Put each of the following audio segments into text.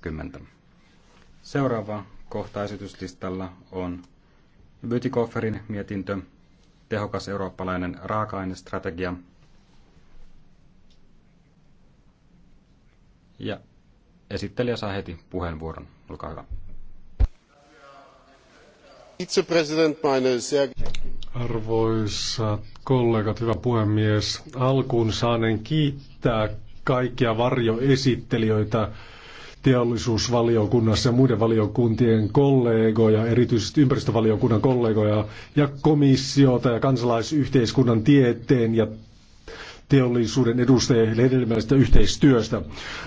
30. Seuraava kohta esityslistalla on Bytikofferin mietintö Tehokas eurooppalainen raaka-ainestrategia. Ja esittelijä saa heti puheenvuoron. Olkaa hyvä. Arvoisat kollegat, hyvä puhemies. Alkuun saanen kiittää kaikkia varjoesittelijöitä teollisuusvaliokunnassa ja muiden valiokuntien kollegoja, erityisesti ympäristövaliokunnan kollegoja ja komissiota ja kansalaisyhteiskunnan tieteen ja teollisuuden edustajien hedelmällisestä yhteistyöstä.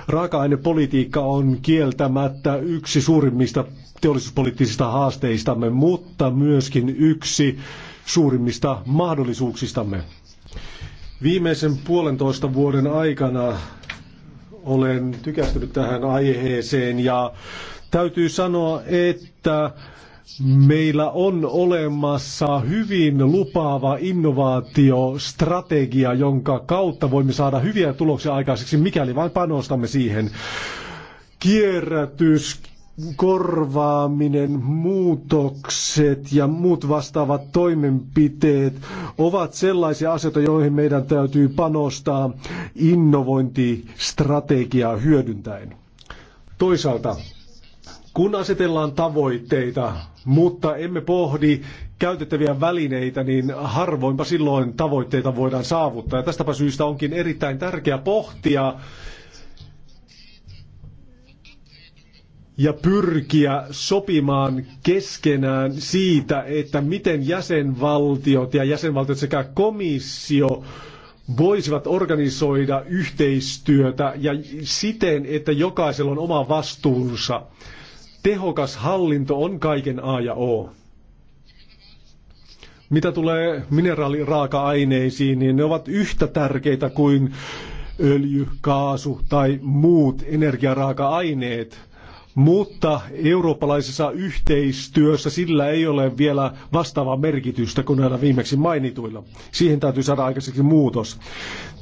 Raaka-ainepolitiikka on kieltämättä yksi suurimmista teollisuuspoliittisista haasteistamme, mutta myöskin yksi suurimmista mahdollisuuksistamme. Viimeisen puolentoista vuoden aikana olen tykästynyt tähän aiheeseen ja täytyy sanoa, että meillä on olemassa hyvin lupaava innovaatiostrategia, jonka kautta voimme saada hyviä tuloksia aikaiseksi, mikäli vain panostamme siihen. Kierrätys, korvaaminen, muutokset ja muut vastaavat toimenpiteet ovat sellaisia asioita, joihin meidän täytyy panostaa innovointistrategiaa hyödyntäen. Toisaalta, kun asetellaan tavoitteita, mutta emme pohdi käytettäviä välineitä, niin harvoinpa silloin tavoitteita voidaan saavuttaa. Ja tästäpä syystä onkin erittäin tärkeää pohtia, ja pyrkiä sopimaan keskenään siitä, että miten jäsenvaltiot ja jäsenvaltiot sekä komissio voisivat organisoida yhteistyötä ja siten, että jokaisella on oma vastuunsa. Tehokas hallinto on kaiken A ja O. Mitä tulee mineraaliraaka-aineisiin, niin ne ovat yhtä tärkeitä kuin öljy, kaasu tai muut energiaraaka-aineet – mutta eurooppalaisessa yhteistyössä sillä ei ole vielä vastaavaa merkitystä kuin näillä viimeksi mainituilla. Siihen täytyy saada aikaiseksi muutos.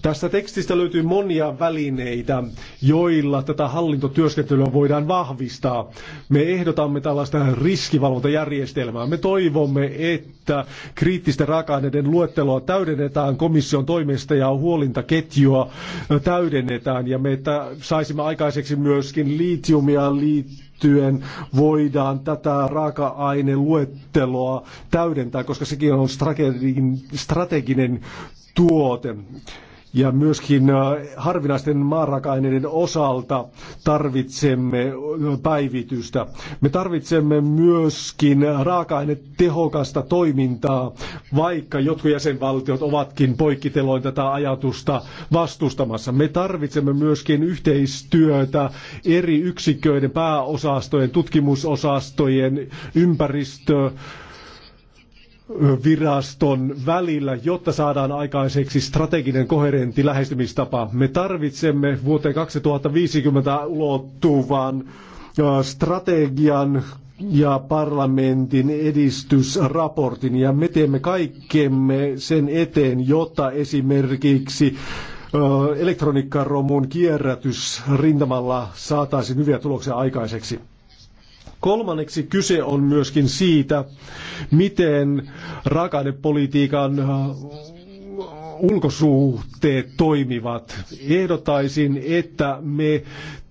Tästä tekstistä löytyy monia välineitä, joilla tätä hallintotyöskentelyä voidaan vahvistaa. Me ehdotamme tällaista riskivalvontajärjestelmää. Me toivomme, että kriittisten raaka-aineiden luetteloa täydennetään komission toimesta ja huolintaketjua täydennetään ja me että saisimme aikaiseksi myöskin liitiumia, li- liittyen voidaan tätä raaka-aineluetteloa täydentää, koska sekin on strateginen tuote. Ja myöskin äh, harvinaisten maarakaineiden osalta tarvitsemme äh, päivitystä. Me tarvitsemme myöskin raaka tehokasta toimintaa, vaikka jotkut jäsenvaltiot ovatkin poikkiteloin tätä ajatusta vastustamassa. Me tarvitsemme myöskin yhteistyötä eri yksiköiden, pääosastojen, tutkimusosastojen, ympäristö, viraston välillä, jotta saadaan aikaiseksi strateginen koherentti lähestymistapa. Me tarvitsemme vuoteen 2050 ulottuvan strategian ja parlamentin edistysraportin ja me teemme kaikkemme sen eteen, jotta esimerkiksi elektroniikkaromun kierrätys rintamalla saataisiin hyviä tuloksia aikaiseksi. Kolmanneksi kyse on myöskin siitä, miten rakennepolitiikan äh, ulkosuhteet toimivat. Ehdotaisin, että me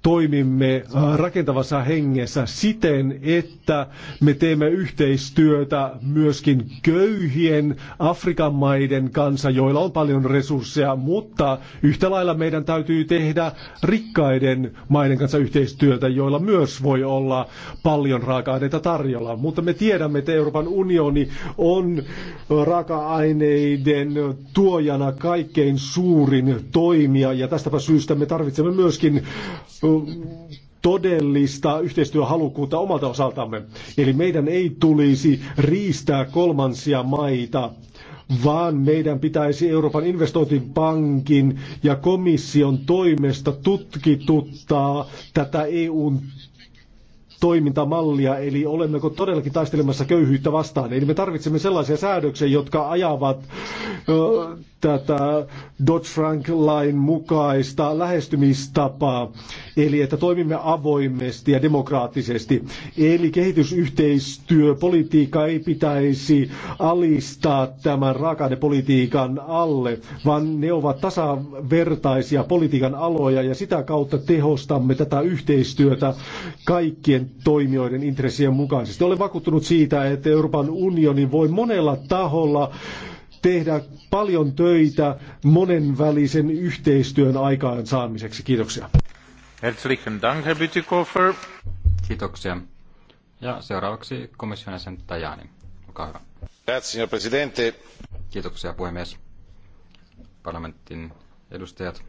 toimimme äh, rakentavassa hengessä siten, että me teemme yhteistyötä myöskin köyhien Afrikan maiden kanssa, joilla on paljon resursseja, mutta yhtä lailla meidän täytyy tehdä rikkaiden maiden kanssa yhteistyötä, joilla myös voi olla paljon raaka-aineita tarjolla. Mutta me tiedämme, että Euroopan unioni on raaka-aineiden tuojana kaikkein suurin toimija ja tästäpä syystä me tarvitsemme myöskin todellista yhteistyöhalukkuutta omalta osaltamme. Eli meidän ei tulisi riistää kolmansia maita, vaan meidän pitäisi Euroopan investointipankin ja komission toimesta tutkituttaa tätä EUn toimintamallia, eli olemmeko todellakin taistelemassa köyhyyttä vastaan. Eli me tarvitsemme sellaisia säädöksiä, jotka ajavat ö, tätä Dodd-Frank-lain mukaista lähestymistapaa, eli että toimimme avoimesti ja demokraattisesti. Eli kehitysyhteistyöpolitiikka ei pitäisi alistaa tämän raaka-ainepolitiikan alle, vaan ne ovat tasavertaisia politiikan aloja ja sitä kautta tehostamme tätä yhteistyötä kaikkien toimijoiden intressien mukaisesti. Olen vakuuttunut siitä, että Euroopan unioni voi monella taholla tehdä paljon töitä monenvälisen yhteistyön aikaansaamiseksi. Kiitoksia. Herzlichen Dank, Herr Bütikofer. Kiitoksia. Ja seuraavaksi komission jäsen Tajani. Olkaa hyvä. Grazie, signor Presidente. Kiitoksia, puhemies. Parlamentin edustajat,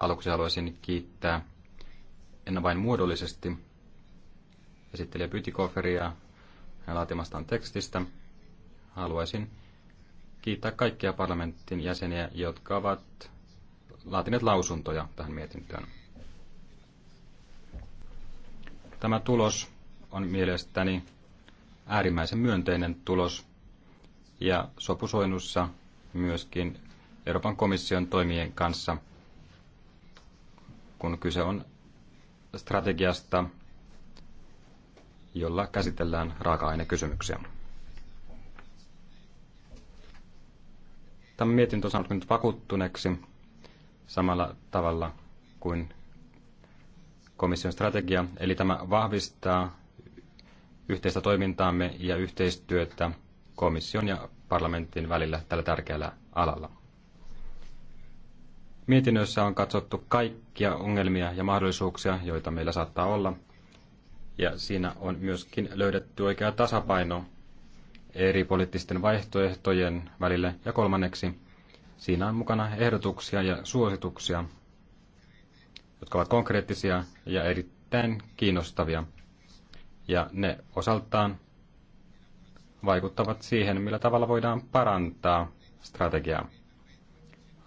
aluksi haluaisin kiittää en vain muodollisesti esittelijä Pytikoferia hänen laatimastaan tekstistä. Haluaisin kiittää kaikkia parlamentin jäseniä, jotka ovat laatineet lausuntoja tähän mietintöön. Tämä tulos on mielestäni äärimmäisen myönteinen tulos ja sopusoinnussa myöskin Euroopan komission toimien kanssa, kun kyse on strategiasta, jolla käsitellään raaka-ainekysymyksiä. Tämä mietintö on saanut vakuuttuneeksi samalla tavalla kuin komission strategia, eli tämä vahvistaa yhteistä toimintaamme ja yhteistyötä komission ja parlamentin välillä tällä tärkeällä alalla. Mietinnössä on katsottu kaikkia ongelmia ja mahdollisuuksia, joita meillä saattaa olla, ja siinä on myöskin löydetty oikea tasapaino eri poliittisten vaihtoehtojen välille. Ja kolmanneksi, siinä on mukana ehdotuksia ja suosituksia, jotka ovat konkreettisia ja erittäin kiinnostavia. Ja ne osaltaan vaikuttavat siihen, millä tavalla voidaan parantaa strategiaa.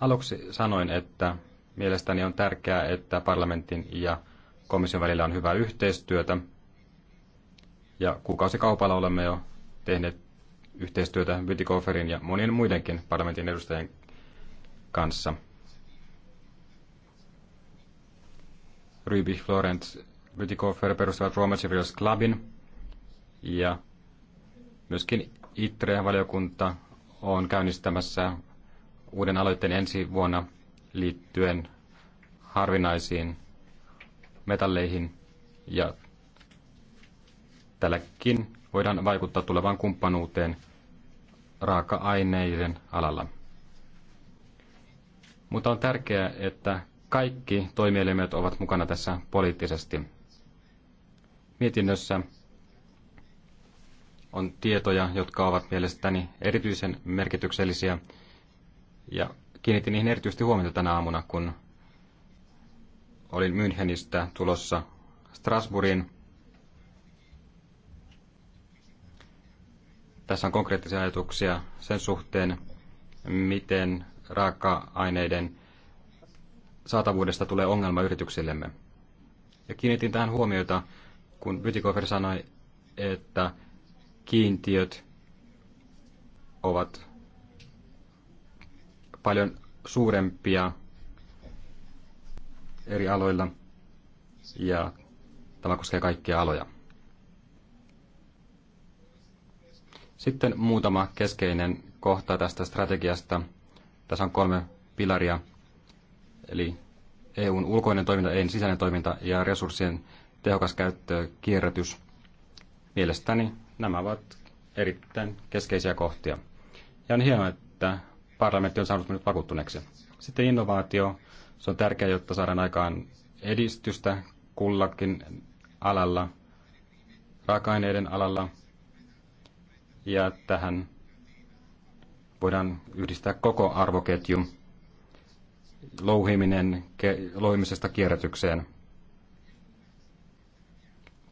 Aluksi sanoin, että mielestäni on tärkeää, että parlamentin ja komission välillä on hyvää yhteistyötä. Ja kuukausikaupalla olemme jo tehneet yhteistyötä Bytikoferin ja monien muidenkin parlamentin edustajien kanssa. Ryby, Florence, Bytikofer perustavat Roma Civils Clubin ja myöskin ITRE-valiokunta on käynnistämässä uuden aloitteen ensi vuonna liittyen harvinaisiin metalleihin ja tälläkin voidaan vaikuttaa tulevaan kumppanuuteen raaka-aineiden alalla. Mutta on tärkeää, että kaikki toimielimet ovat mukana tässä poliittisesti. Mietinnössä on tietoja, jotka ovat mielestäni erityisen merkityksellisiä, ja kiinnitin niihin erityisesti huomiota tänä aamuna, kun olin Münchenistä tulossa Strasbourgin Tässä on konkreettisia ajatuksia sen suhteen, miten raaka-aineiden saatavuudesta tulee ongelma yrityksillemme. Ja kiinnitin tähän huomiota, kun Bytikofer sanoi, että kiintiöt ovat paljon suurempia eri aloilla ja tämä koskee kaikkia aloja. Sitten muutama keskeinen kohta tästä strategiasta. Tässä on kolme pilaria, eli EUn ulkoinen toiminta, EUn sisäinen toiminta ja resurssien tehokas käyttö, kierrätys. Mielestäni nämä ovat erittäin keskeisiä kohtia. Ja on hienoa, että parlamentti on saanut minut vakuuttuneeksi. Sitten innovaatio. Se on tärkeää, jotta saadaan aikaan edistystä kullakin alalla, raaka-aineiden alalla, ja tähän voidaan yhdistää koko arvoketju louhiminen, louhimisesta kierrätykseen.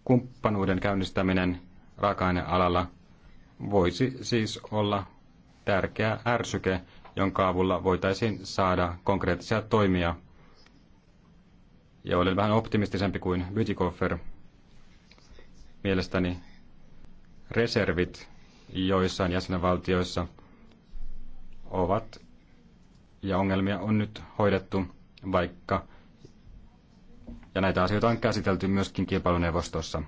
Kumppanuuden käynnistäminen raaka-ainealalla voisi siis olla tärkeä ärsyke, jonka avulla voitaisiin saada konkreettisia toimia. Ja olen vähän optimistisempi kuin Bytikoffer. Mielestäni reservit joissain jäsenvaltioissa ovat ja ongelmia on nyt hoidettu, vaikka ja näitä asioita on käsitelty myöskin kilpailuneuvostossa.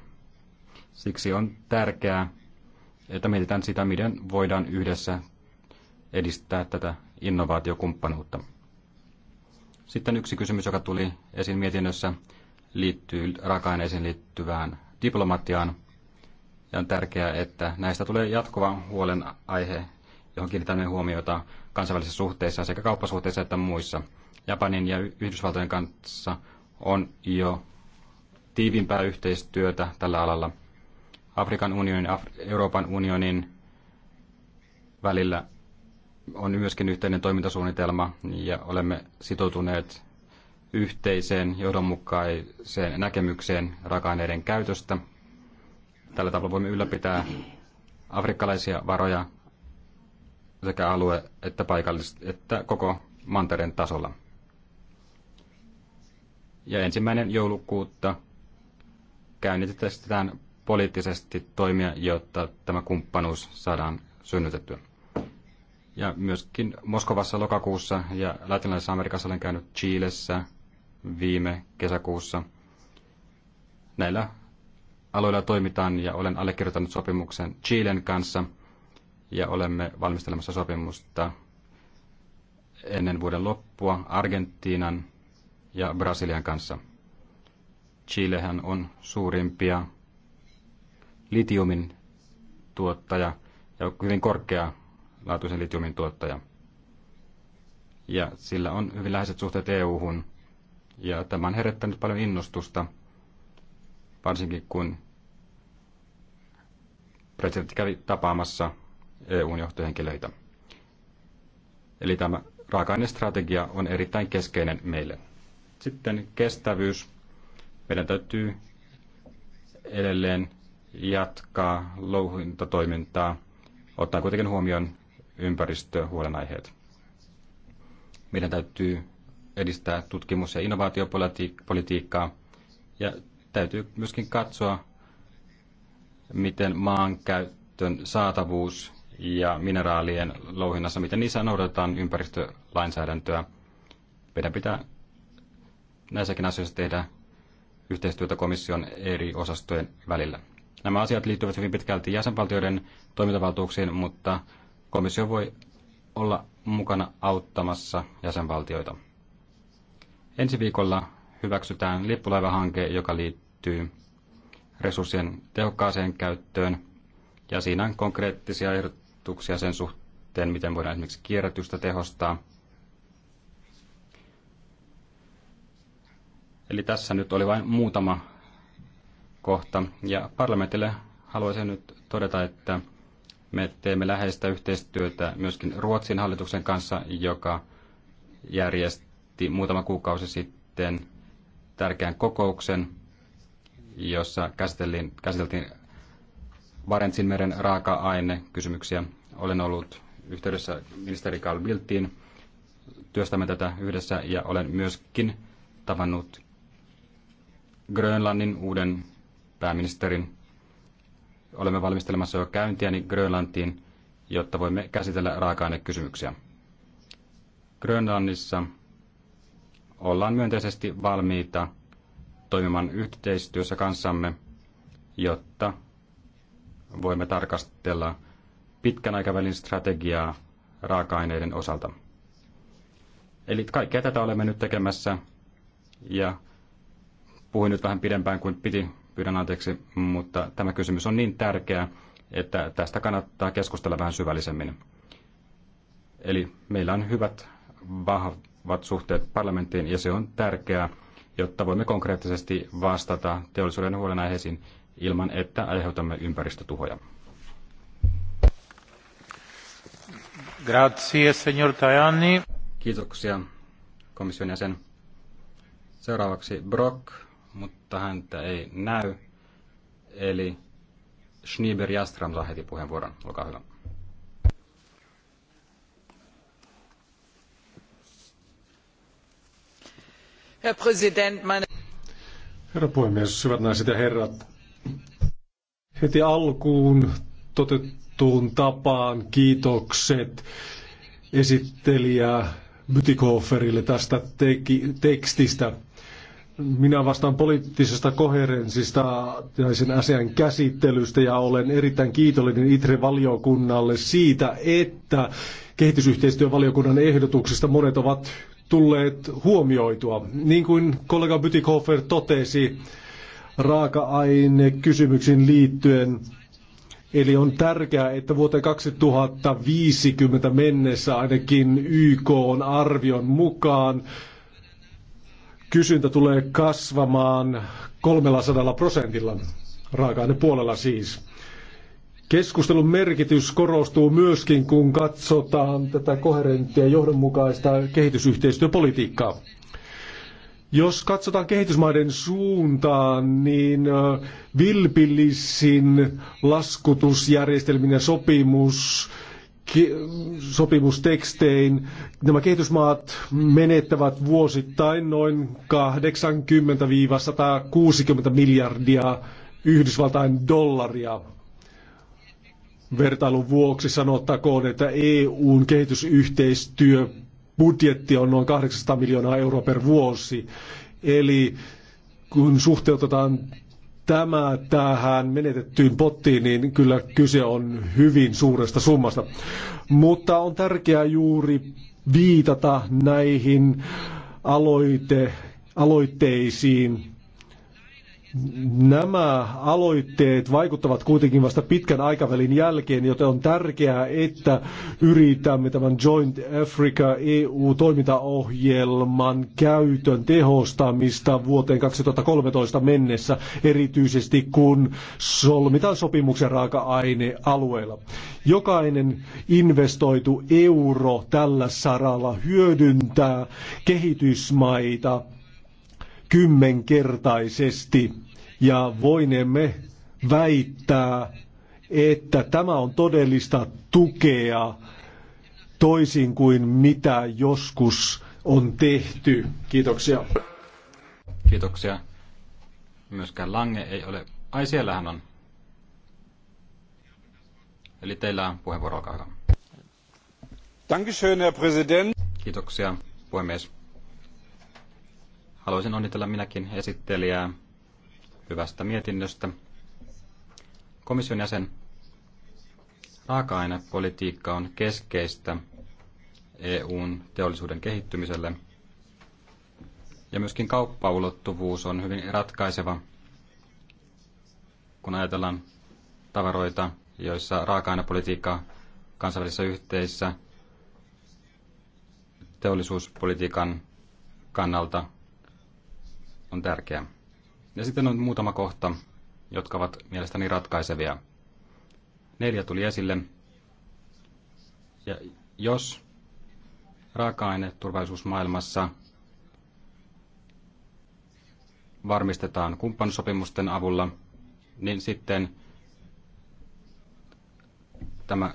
Siksi on tärkeää, että mietitään sitä, miten voidaan yhdessä edistää tätä innovaatiokumppanuutta. Sitten yksi kysymys, joka tuli esiin mietinnössä, liittyy raaka-aineisiin liittyvään diplomatiaan. Ja on tärkeää, että näistä tulee jatkuva huolenaihe, johon kiinnitämme huomiota kansainvälisissä suhteissa sekä kauppasuhteissa että muissa. Japanin ja Yhdysvaltojen kanssa on jo tiivimpää yhteistyötä tällä alalla. Afrikan unionin, Af- Euroopan unionin välillä on myöskin yhteinen toimintasuunnitelma ja olemme sitoutuneet yhteiseen johdonmukaiseen näkemykseen raaka-aineiden käytöstä Tällä tavalla voimme ylläpitää afrikkalaisia varoja sekä alue- että paikallisesti että koko mantereen tasolla. Ja ensimmäinen joulukuuta käynnistetään poliittisesti toimia, jotta tämä kumppanuus saadaan synnytettyä. Ja myöskin Moskovassa lokakuussa ja Latinalaisessa Amerikassa olen käynyt Chiilessä viime kesäkuussa. Näillä aloilla toimitaan ja olen allekirjoittanut sopimuksen Chilen kanssa ja olemme valmistelemassa sopimusta ennen vuoden loppua Argentiinan ja Brasilian kanssa. Chilehän on suurimpia litiumin tuottaja ja hyvin korkea laatuisen litiumin tuottaja. Ja sillä on hyvin läheiset suhteet EU-hun. Ja tämä on herättänyt paljon innostusta, varsinkin kun presidentti kävi tapaamassa eu johtohenkilöitä. Eli tämä raaka-ainestrategia on erittäin keskeinen meille. Sitten kestävyys. Meidän täytyy edelleen jatkaa louhintatoimintaa, ottaa kuitenkin huomioon ympäristöhuolenaiheet. Meidän täytyy edistää tutkimus- ja innovaatiopolitiikkaa ja täytyy myöskin katsoa, miten maankäytön saatavuus ja mineraalien louhinnassa, miten niissä noudatetaan ympäristölainsäädäntöä. Meidän pitää näissäkin asioissa tehdä yhteistyötä komission eri osastojen välillä. Nämä asiat liittyvät hyvin pitkälti jäsenvaltioiden toimintavaltuuksiin, mutta komissio voi olla mukana auttamassa jäsenvaltioita. Ensi viikolla hyväksytään lippulaivahanke, joka liittyy resurssien tehokkaaseen käyttöön. Ja siinä on konkreettisia ehdotuksia sen suhteen, miten voidaan esimerkiksi kierrätystä tehostaa. Eli tässä nyt oli vain muutama kohta. Ja parlamentille haluaisin nyt todeta, että me teemme läheistä yhteistyötä myöskin Ruotsin hallituksen kanssa, joka järjesti muutama kuukausi sitten tärkeän kokouksen – jossa käsiteltiin, käsiteltiin Barentsin meren raaka kysymyksiä. Olen ollut yhteydessä ministeri Carl Bildtiin. Työstämme tätä yhdessä ja olen myöskin tavannut Grönlannin uuden pääministerin. Olemme valmistelemassa jo käyntiäni Grönlantiin, jotta voimme käsitellä raaka-ainekysymyksiä. Grönlannissa ollaan myönteisesti valmiita – toimimaan yhteistyössä kanssamme, jotta voimme tarkastella pitkän aikavälin strategiaa raaka-aineiden osalta. Eli kaikkea tätä olemme nyt tekemässä ja puhuin nyt vähän pidempään kuin piti, pyydän anteeksi, mutta tämä kysymys on niin tärkeä, että tästä kannattaa keskustella vähän syvällisemmin. Eli meillä on hyvät, vahvat suhteet parlamenttiin ja se on tärkeää, jotta voimme konkreettisesti vastata teollisuuden huolenaiheisiin ilman, että aiheutamme ympäristötuhoja. Grazie, signor Tajani. Kiitoksia, komission jäsen. Seuraavaksi Brock, mutta häntä ei näy. Eli Schneeber Jastram saa heti puheenvuoron. Olkaa hyvä. Herr Präsident, meine... Herra puhemies, hyvät naiset ja herrat. Heti alkuun totettuun tapaan kiitokset esittelijä Bytikoferille tästä teki, tekstistä. Minä vastaan poliittisesta koherenssista ja sen asian käsittelystä ja olen erittäin kiitollinen ITRE-valiokunnalle siitä, että kehitysyhteistyövaliokunnan ehdotuksista monet ovat tulleet huomioitua. Niin kuin kollega Bytikofer totesi raaka-aine kysymyksiin liittyen, Eli on tärkeää, että vuoteen 2050 mennessä ainakin YK on arvion mukaan kysyntä tulee kasvamaan 300 prosentilla, raaka-ainepuolella siis. Keskustelun merkitys korostuu myöskin, kun katsotaan tätä koherenttia johdonmukaista kehitysyhteistyöpolitiikkaa. Jos katsotaan kehitysmaiden suuntaan, niin vilpillisin laskutusjärjestelmien ja sopimus, sopimustekstein nämä kehitysmaat menettävät vuosittain noin 80-160 miljardia Yhdysvaltain dollaria Vertailun vuoksi sanottakoon, että EUn kehitysyhteistyö budjetti on noin 800 miljoonaa euroa per vuosi. Eli kun suhteutetaan tämä tähän menetettyyn pottiin, niin kyllä kyse on hyvin suuresta summasta. Mutta on tärkeää juuri viitata näihin aloite, aloitteisiin, Nämä aloitteet vaikuttavat kuitenkin vasta pitkän aikavälin jälkeen, joten on tärkeää, että yritämme tämän Joint Africa EU-toimintaohjelman käytön tehostamista vuoteen 2013 mennessä, erityisesti kun solmitaan sopimuksen raaka-ainealueella. Jokainen investoitu euro tällä saralla hyödyntää kehitysmaita kymmenkertaisesti ja voinemme väittää, että tämä on todellista tukea toisin kuin mitä joskus on tehty. Kiitoksia. Kiitoksia. Myöskään Lange ei ole. Ai siellähän on. Eli teillä on puheenvuoro, olkaa Dankeschön, Herr Präsident. Kiitoksia, puhemies. Haluaisin onnitella minäkin esittelijää hyvästä mietinnöstä. Komission jäsen raaka-ainepolitiikka on keskeistä EUn teollisuuden kehittymiselle ja myöskin kauppaulottuvuus on hyvin ratkaiseva, kun ajatellaan tavaroita, joissa raaka-ainepolitiikka kansainvälisissä yhteisissä teollisuuspolitiikan kannalta on tärkeää. Ja sitten on muutama kohta, jotka ovat mielestäni ratkaisevia. Neljä tuli esille. Ja jos raaka turvallisuusmaailmassa varmistetaan kumppanusopimusten avulla, niin sitten tämä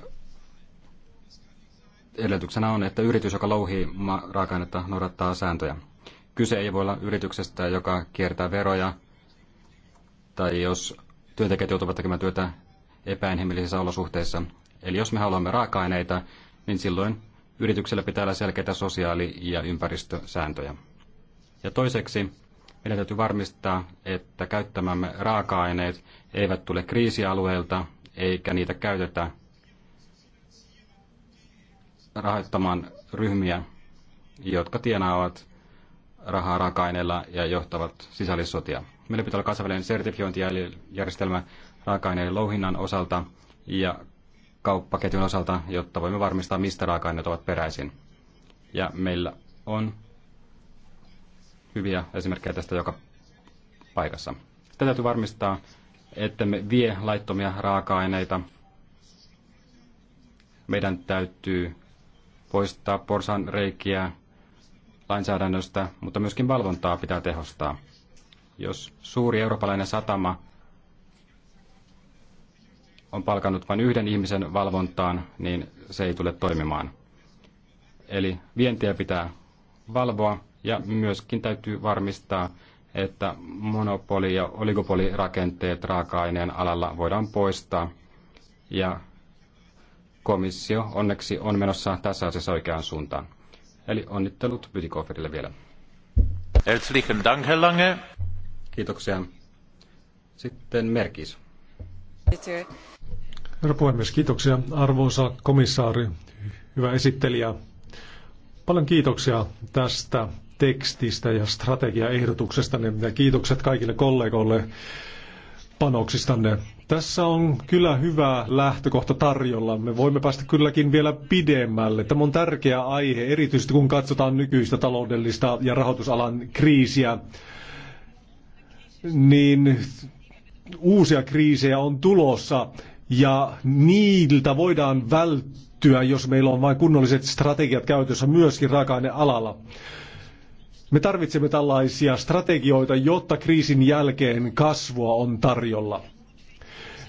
edellytyksenä on, että yritys, joka louhii raaka-ainetta, noudattaa sääntöjä. Kyse ei voi olla yrityksestä, joka kiertää veroja tai jos työntekijät joutuvat tekemään työtä epäinhimillisissä olosuhteissa. Eli jos me haluamme raaka-aineita, niin silloin yrityksellä pitää olla selkeitä sosiaali- ja ympäristösääntöjä. Ja toiseksi meidän täytyy varmistaa, että käyttämämme raaka-aineet eivät tule kriisialueilta eikä niitä käytetä rahoittamaan ryhmiä, jotka tienaavat rahaa raaka-aineilla ja johtavat sisällissotia. Meillä pitää olla kansainvälinen sertifiointijärjestelmä raaka-aineiden louhinnan osalta ja kauppaketjun osalta, jotta voimme varmistaa, mistä raaka-aineet ovat peräisin. Ja meillä on hyviä esimerkkejä tästä joka paikassa. Sitä täytyy varmistaa, että me vie laittomia raaka-aineita. Meidän täytyy poistaa porsan reikiä lainsäädännöstä, mutta myöskin valvontaa pitää tehostaa jos suuri eurooppalainen satama on palkannut vain yhden ihmisen valvontaan, niin se ei tule toimimaan. Eli vientiä pitää valvoa ja myöskin täytyy varmistaa, että monopoli- ja oligopolirakenteet raaka-aineen alalla voidaan poistaa. Ja komissio onneksi on menossa tässä asiassa oikeaan suuntaan. Eli onnittelut Bytikoferille vielä. Herzlichen Dank, Herr Lange. Kiitoksia. Sitten Merkis. Herra puhemies, kiitoksia. Arvoisa komissaari, hyvä esittelijä. Paljon kiitoksia tästä tekstistä ja strategiaehdotuksesta ja kiitokset kaikille kollegoille panoksistanne. Tässä on kyllä hyvä lähtökohta tarjolla. Me voimme päästä kylläkin vielä pidemmälle. Tämä on tärkeä aihe, erityisesti kun katsotaan nykyistä taloudellista ja rahoitusalan kriisiä niin uusia kriisejä on tulossa ja niiltä voidaan välttyä, jos meillä on vain kunnolliset strategiat käytössä myöskin raaka alalla. Me tarvitsemme tällaisia strategioita, jotta kriisin jälkeen kasvua on tarjolla.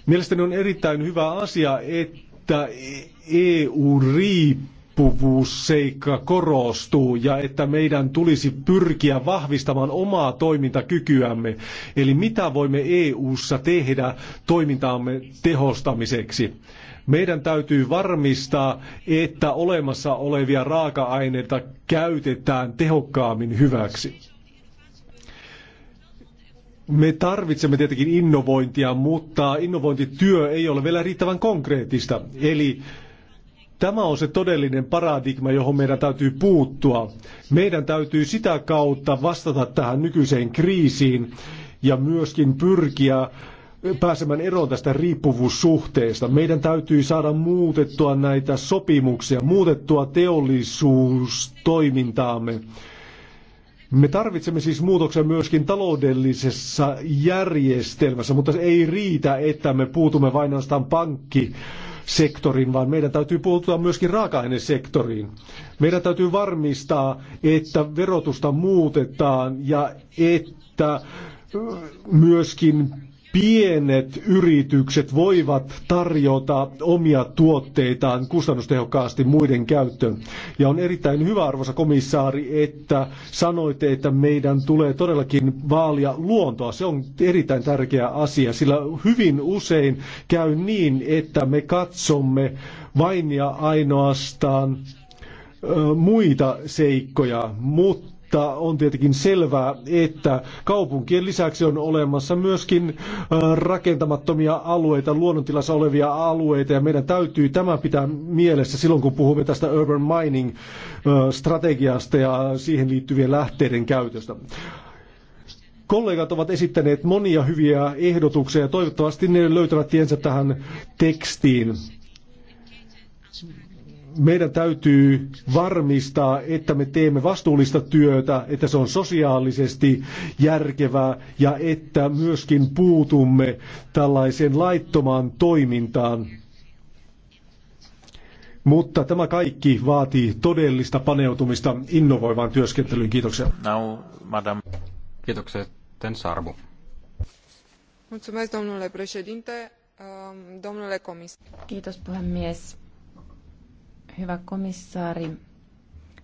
Mielestäni on erittäin hyvä asia, että e- EU riippuu riippuvuusseikka korostuu ja että meidän tulisi pyrkiä vahvistamaan omaa toimintakykyämme. Eli mitä voimme EU-ssa tehdä toimintaamme tehostamiseksi? Meidän täytyy varmistaa, että olemassa olevia raaka-aineita käytetään tehokkaammin hyväksi. Me tarvitsemme tietenkin innovointia, mutta innovointityö ei ole vielä riittävän konkreettista. Eli Tämä on se todellinen paradigma, johon meidän täytyy puuttua. Meidän täytyy sitä kautta vastata tähän nykyiseen kriisiin ja myöskin pyrkiä pääsemään eroon tästä riippuvuussuhteesta. Meidän täytyy saada muutettua näitä sopimuksia, muutettua teollisuustoimintaamme. Me tarvitsemme siis muutoksen myöskin taloudellisessa järjestelmässä, mutta se ei riitä, että me puutumme vain ainoastaan pankki sektorin, vaan meidän täytyy puuttua myöskin raaka-ainesektoriin. Meidän täytyy varmistaa, että verotusta muutetaan ja että myöskin pienet yritykset voivat tarjota omia tuotteitaan kustannustehokkaasti muiden käyttöön. Ja on erittäin hyvä, arvoisa komissaari, että sanoitte, että meidän tulee todellakin vaalia luontoa. Se on erittäin tärkeä asia, sillä hyvin usein käy niin, että me katsomme vain ja ainoastaan muita seikkoja, mutta mutta on tietenkin selvää, että kaupunkien lisäksi on olemassa myöskin rakentamattomia alueita, luonnontilassa olevia alueita, ja meidän täytyy tämä pitää mielessä silloin, kun puhumme tästä urban mining-strategiasta ja siihen liittyvien lähteiden käytöstä. Kollegat ovat esittäneet monia hyviä ehdotuksia ja toivottavasti ne löytävät tiensä tähän tekstiin meidän täytyy varmistaa, että me teemme vastuullista työtä, että se on sosiaalisesti järkevää ja että myöskin puutumme tällaiseen laittomaan toimintaan. Mutta tämä kaikki vaatii todellista paneutumista innovoivaan työskentelyyn. Kiitoksia. Now, madam. Kiitoksia. Ten Sarbu. Mulțumesc, domnule președinte, ehm, domnule comisar. Kiitos, puhemies hyvä komissaari,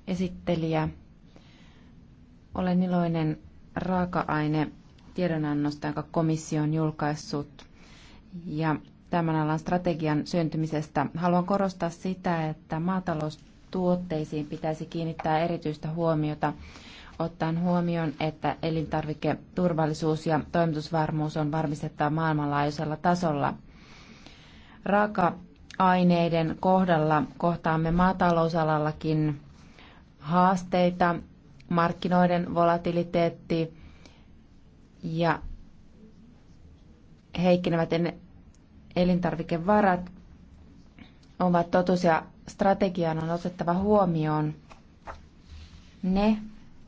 esittelijä. Olen iloinen raaka-aine tiedonannosta, jonka komissio on julkaissut. Ja tämän alan strategian syntymisestä. Haluan korostaa sitä, että maataloustuotteisiin pitäisi kiinnittää erityistä huomiota, ottaen huomioon, että elintarviketurvallisuus ja toimitusvarmuus on varmistettava maailmanlaajuisella tasolla. Raaka aineiden kohdalla kohtaamme maatalousalallakin haasteita, markkinoiden volatiliteetti ja heikkenevät elintarvikevarat ovat totuus ja strategian on otettava huomioon ne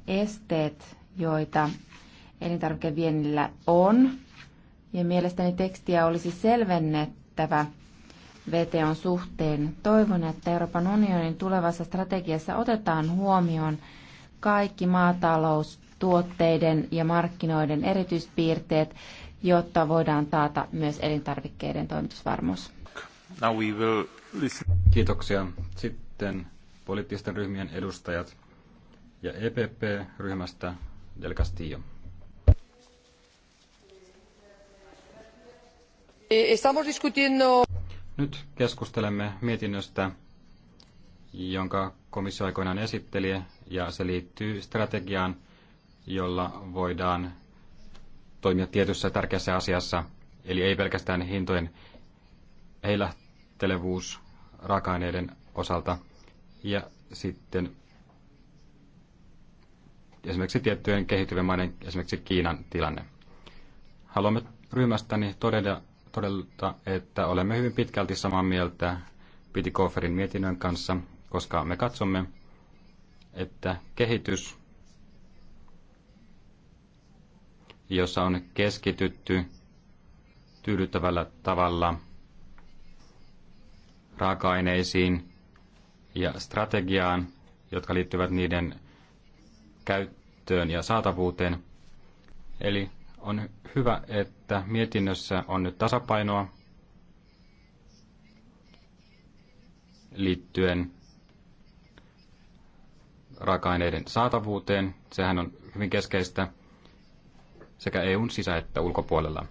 esteet, joita elintarvikeviennillä on. Ja mielestäni tekstiä olisi selvennettävä VTOn suhteen. Toivon, että Euroopan unionin tulevassa strategiassa otetaan huomioon kaikki maataloustuotteiden ja markkinoiden erityispiirteet, jotta voidaan taata myös elintarvikkeiden toimitusvarmuus. Kiitoksia. Sitten poliittisten ryhmien edustajat ja EPP-ryhmästä Del Castillo. Estamos e, discutiendo nyt keskustelemme mietinnöstä, jonka komissio aikoinaan esitteli, ja se liittyy strategiaan, jolla voidaan toimia tietyssä tärkeässä asiassa, eli ei pelkästään hintojen heilähtelevuus raaka-aineiden osalta, ja sitten esimerkiksi tiettyjen kehittyvien maiden, esimerkiksi Kiinan tilanne. Haluamme ryhmästäni todeta, todeta, että olemme hyvin pitkälti samaa mieltä Pitikoferin mietinnön kanssa, koska me katsomme, että kehitys, jossa on keskitytty tyydyttävällä tavalla raaka-aineisiin ja strategiaan, jotka liittyvät niiden käyttöön ja saatavuuteen. Eli on hyvä, että mietinnössä on nyt tasapainoa liittyen raaka-aineiden saatavuuteen. Sehän on hyvin keskeistä sekä EUn sisä- että ulkopuolella.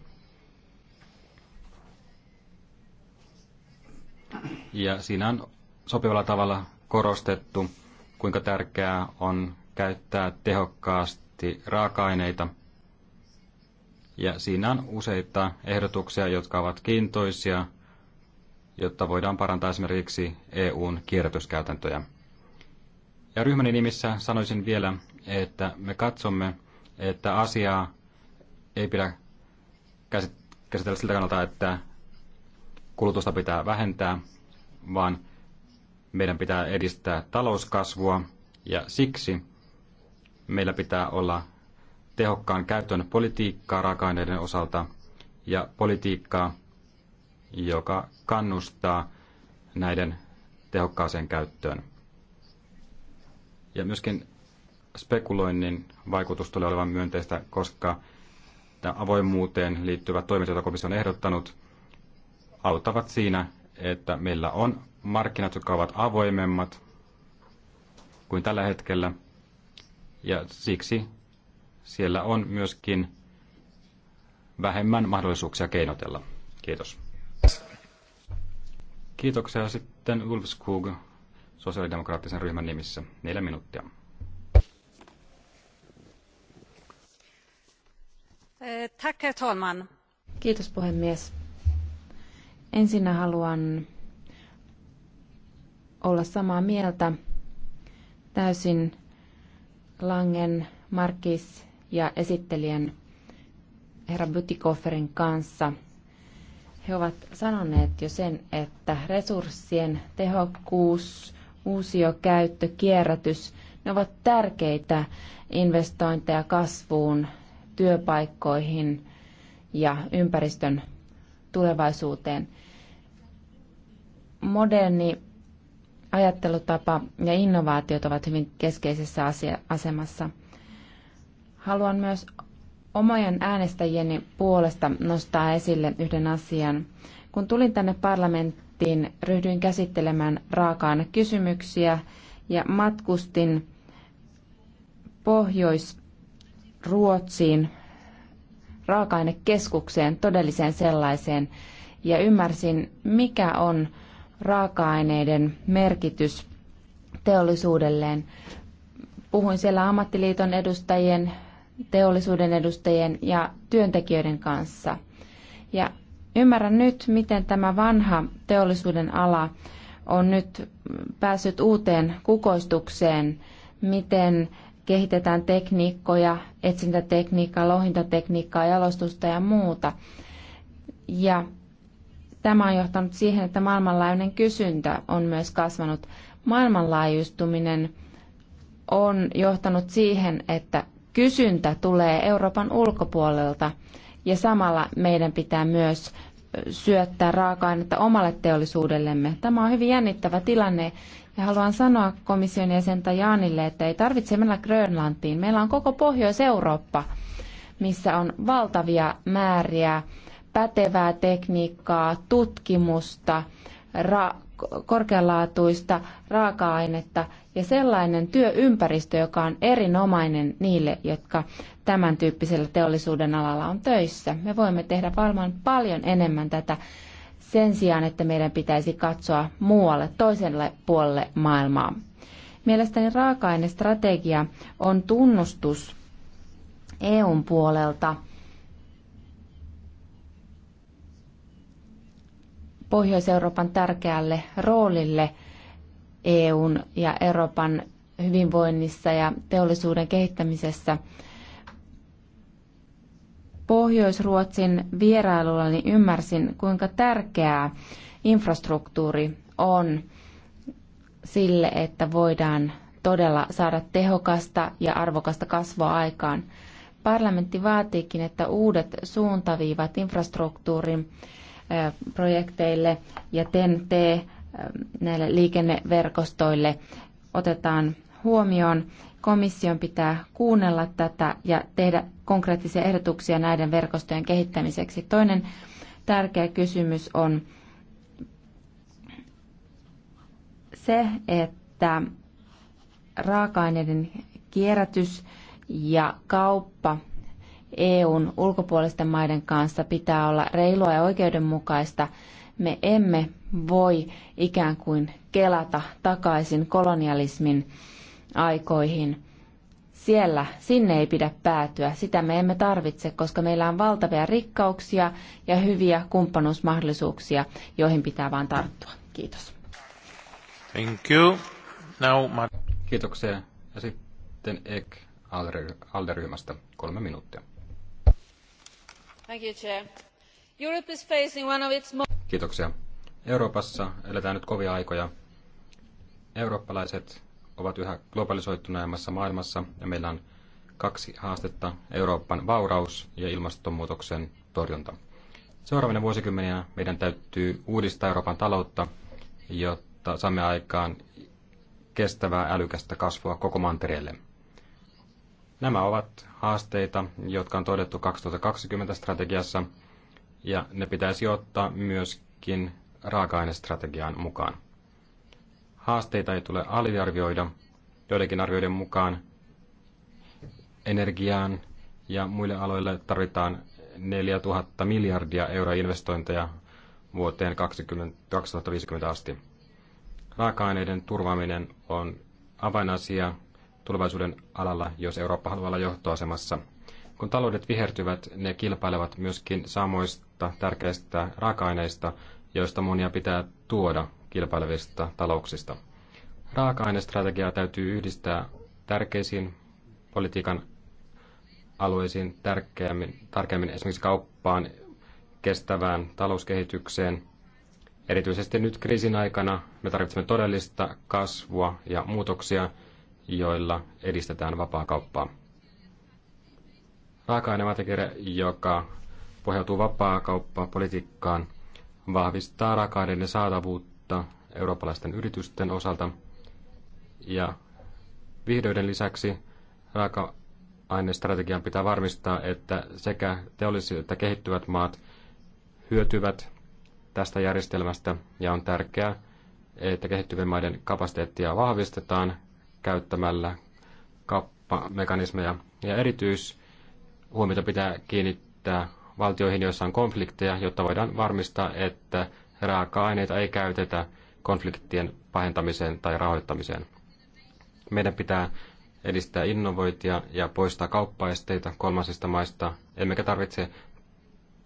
Ja siinä on sopivalla tavalla korostettu, kuinka tärkeää on käyttää tehokkaasti raaka-aineita – ja siinä on useita ehdotuksia, jotka ovat kiintoisia, jotta voidaan parantaa esimerkiksi EUn kierrätyskäytäntöjä. Ja ryhmäni nimissä sanoisin vielä, että me katsomme, että asiaa ei pidä käsitellä siltä kannalta, että kulutusta pitää vähentää, vaan meidän pitää edistää talouskasvua ja siksi meillä pitää olla tehokkaan käytön politiikkaa raaka-aineiden osalta ja politiikkaa, joka kannustaa näiden tehokkaaseen käyttöön. Ja myöskin spekuloinnin vaikutus tulee olevan myönteistä, koska tämä avoimuuteen liittyvät toimet, joita komissio on ehdottanut, auttavat siinä, että meillä on markkinat, jotka ovat avoimemmat kuin tällä hetkellä, ja siksi siellä on myöskin vähemmän mahdollisuuksia keinotella. Kiitos. Kiitoksia sitten Ulf Skog sosiaalidemokraattisen ryhmän nimissä. Neljä minuuttia. Eh, tack, herr talman. Kiitos puhemies. Ensinnä haluan olla samaa mieltä täysin Langen, Markis ja esittelijän herra Bytikofferin kanssa. He ovat sanoneet jo sen, että resurssien tehokkuus, uusiokäyttö, kierrätys, ne ovat tärkeitä investointeja kasvuun, työpaikkoihin ja ympäristön tulevaisuuteen. Moderni ajattelutapa ja innovaatiot ovat hyvin keskeisessä asemassa – Haluan myös omojen äänestäjieni puolesta nostaa esille yhden asian. Kun tulin tänne parlamenttiin, ryhdyin käsittelemään raakaan kysymyksiä ja matkustin Pohjois-Ruotsiin raaka-ainekeskukseen, todelliseen sellaiseen, ja ymmärsin, mikä on raaka-aineiden merkitys teollisuudelleen. Puhuin siellä ammattiliiton edustajien, teollisuuden edustajien ja työntekijöiden kanssa. Ja ymmärrän nyt, miten tämä vanha teollisuuden ala on nyt päässyt uuteen kukoistukseen, miten kehitetään tekniikkoja, etsintätekniikkaa, lohintatekniikkaa, jalostusta ja muuta. Ja tämä on johtanut siihen, että maailmanlaajuinen kysyntä on myös kasvanut. Maailmanlaajuistuminen on johtanut siihen, että kysyntä tulee Euroopan ulkopuolelta ja samalla meidän pitää myös syöttää raaka-ainetta omalle teollisuudellemme. Tämä on hyvin jännittävä tilanne ja haluan sanoa komission jäsen Jaanille, että ei tarvitse mennä Grönlantiin. Meillä on koko Pohjois-Eurooppa, missä on valtavia määriä pätevää tekniikkaa, tutkimusta, ra- korkealaatuista raaka-ainetta ja sellainen työympäristö, joka on erinomainen niille, jotka tämän tyyppisellä teollisuuden alalla on töissä. Me voimme tehdä varmaan paljon enemmän tätä sen sijaan, että meidän pitäisi katsoa muualle, toiselle puolelle maailmaa. Mielestäni raaka-ainestrategia on tunnustus EUn puolelta – Pohjois-Euroopan tärkeälle roolille EUn ja Euroopan hyvinvoinnissa ja teollisuuden kehittämisessä. Pohjois-Ruotsin vierailullani niin ymmärsin, kuinka tärkeää infrastruktuuri on sille, että voidaan todella saada tehokasta ja arvokasta kasvua aikaan. Parlamentti vaatiikin, että uudet suuntaviivat infrastruktuurin projekteille ja TEN-T näille liikenneverkostoille otetaan huomioon. Komission pitää kuunnella tätä ja tehdä konkreettisia ehdotuksia näiden verkostojen kehittämiseksi. Toinen tärkeä kysymys on se, että raaka-aineiden kierrätys ja kauppa EUn ulkopuolisten maiden kanssa pitää olla reilua ja oikeudenmukaista. Me emme voi ikään kuin kelata takaisin kolonialismin aikoihin. Siellä, sinne ei pidä päätyä. Sitä me emme tarvitse, koska meillä on valtavia rikkauksia ja hyviä kumppanuusmahdollisuuksia, joihin pitää vain tarttua. Kiitos. Thank you. Now, Kiitoksia. Ja sitten Ek Alder-ryhmästä kolme minuuttia. Kiitoksia. Euroopassa eletään nyt kovia aikoja. Eurooppalaiset ovat yhä globalisoituneemmassa maailmassa ja meillä on kaksi haastetta, Euroopan vauraus ja ilmastonmuutoksen torjunta. Seuraavina vuosikymmeninä meidän täytyy uudistaa Euroopan taloutta, jotta saamme aikaan kestävää älykästä kasvua koko mantereelle. Nämä ovat haasteita, jotka on todettu 2020-strategiassa, ja ne pitäisi ottaa myöskin raaka-ainestrategiaan mukaan. Haasteita ei tule aliarvioida. Joidenkin arvioiden mukaan energiaan ja muille aloille tarvitaan 4000 miljardia euroa investointeja vuoteen 20, 2050 asti. Raaka-aineiden turvaaminen on avainasia tulevaisuuden alalla, jos Eurooppa haluaa olla johtoasemassa. Kun taloudet vihertyvät, ne kilpailevat myöskin samoista tärkeistä raaka-aineista, joista monia pitää tuoda kilpailevista talouksista. Raaka-ainestrategiaa täytyy yhdistää tärkeisiin politiikan alueisiin tärkeämmin, tarkemmin esimerkiksi kauppaan, kestävään talouskehitykseen. Erityisesti nyt kriisin aikana me tarvitsemme todellista kasvua ja muutoksia, joilla edistetään vapaa kauppaa. Raaka-ainematekere, joka pohjautuu vapaa kauppapolitiikkaan, vahvistaa raaka saatavuutta eurooppalaisten yritysten osalta ja vihdoiden lisäksi raaka-ainestrategian pitää varmistaa, että sekä teolliset että kehittyvät maat hyötyvät tästä järjestelmästä ja on tärkeää, että kehittyvien maiden kapasiteettia vahvistetaan käyttämällä kappamekanismeja. Ja erityishuomiota pitää kiinnittää valtioihin, joissa on konflikteja, jotta voidaan varmistaa, että raaka-aineita ei käytetä konfliktien pahentamiseen tai rahoittamiseen. Meidän pitää edistää innovointia ja poistaa kauppaesteitä kolmansista maista, emmekä tarvitse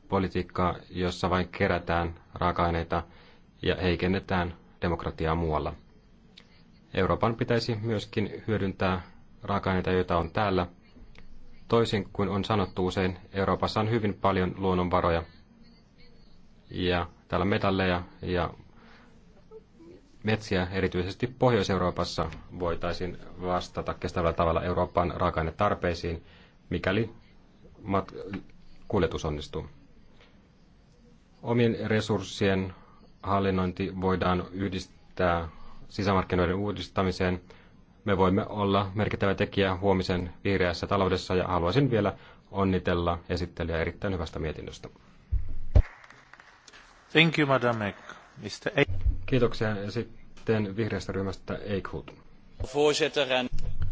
politiikkaa, jossa vain kerätään raaka-aineita ja heikennetään demokratiaa muualla. Euroopan pitäisi myöskin hyödyntää raaka-aineita, joita on täällä. Toisin kuin on sanottu usein, Euroopassa on hyvin paljon luonnonvaroja ja täällä metalleja ja metsiä erityisesti Pohjois-Euroopassa voitaisiin vastata kestävällä tavalla Euroopan raaka-ainetarpeisiin, mikäli mat- kuljetus onnistuu. Omien resurssien hallinnointi voidaan yhdistää sisämarkkinoiden uudistamiseen. Me voimme olla merkittävä tekijä huomisen vihreässä taloudessa ja haluaisin vielä onnitella esittelijä erittäin hyvästä mietinnöstä. Thank you, Madam Mr. Ek. Kiitoksia sitten vihreästä ryhmästä Eichhut.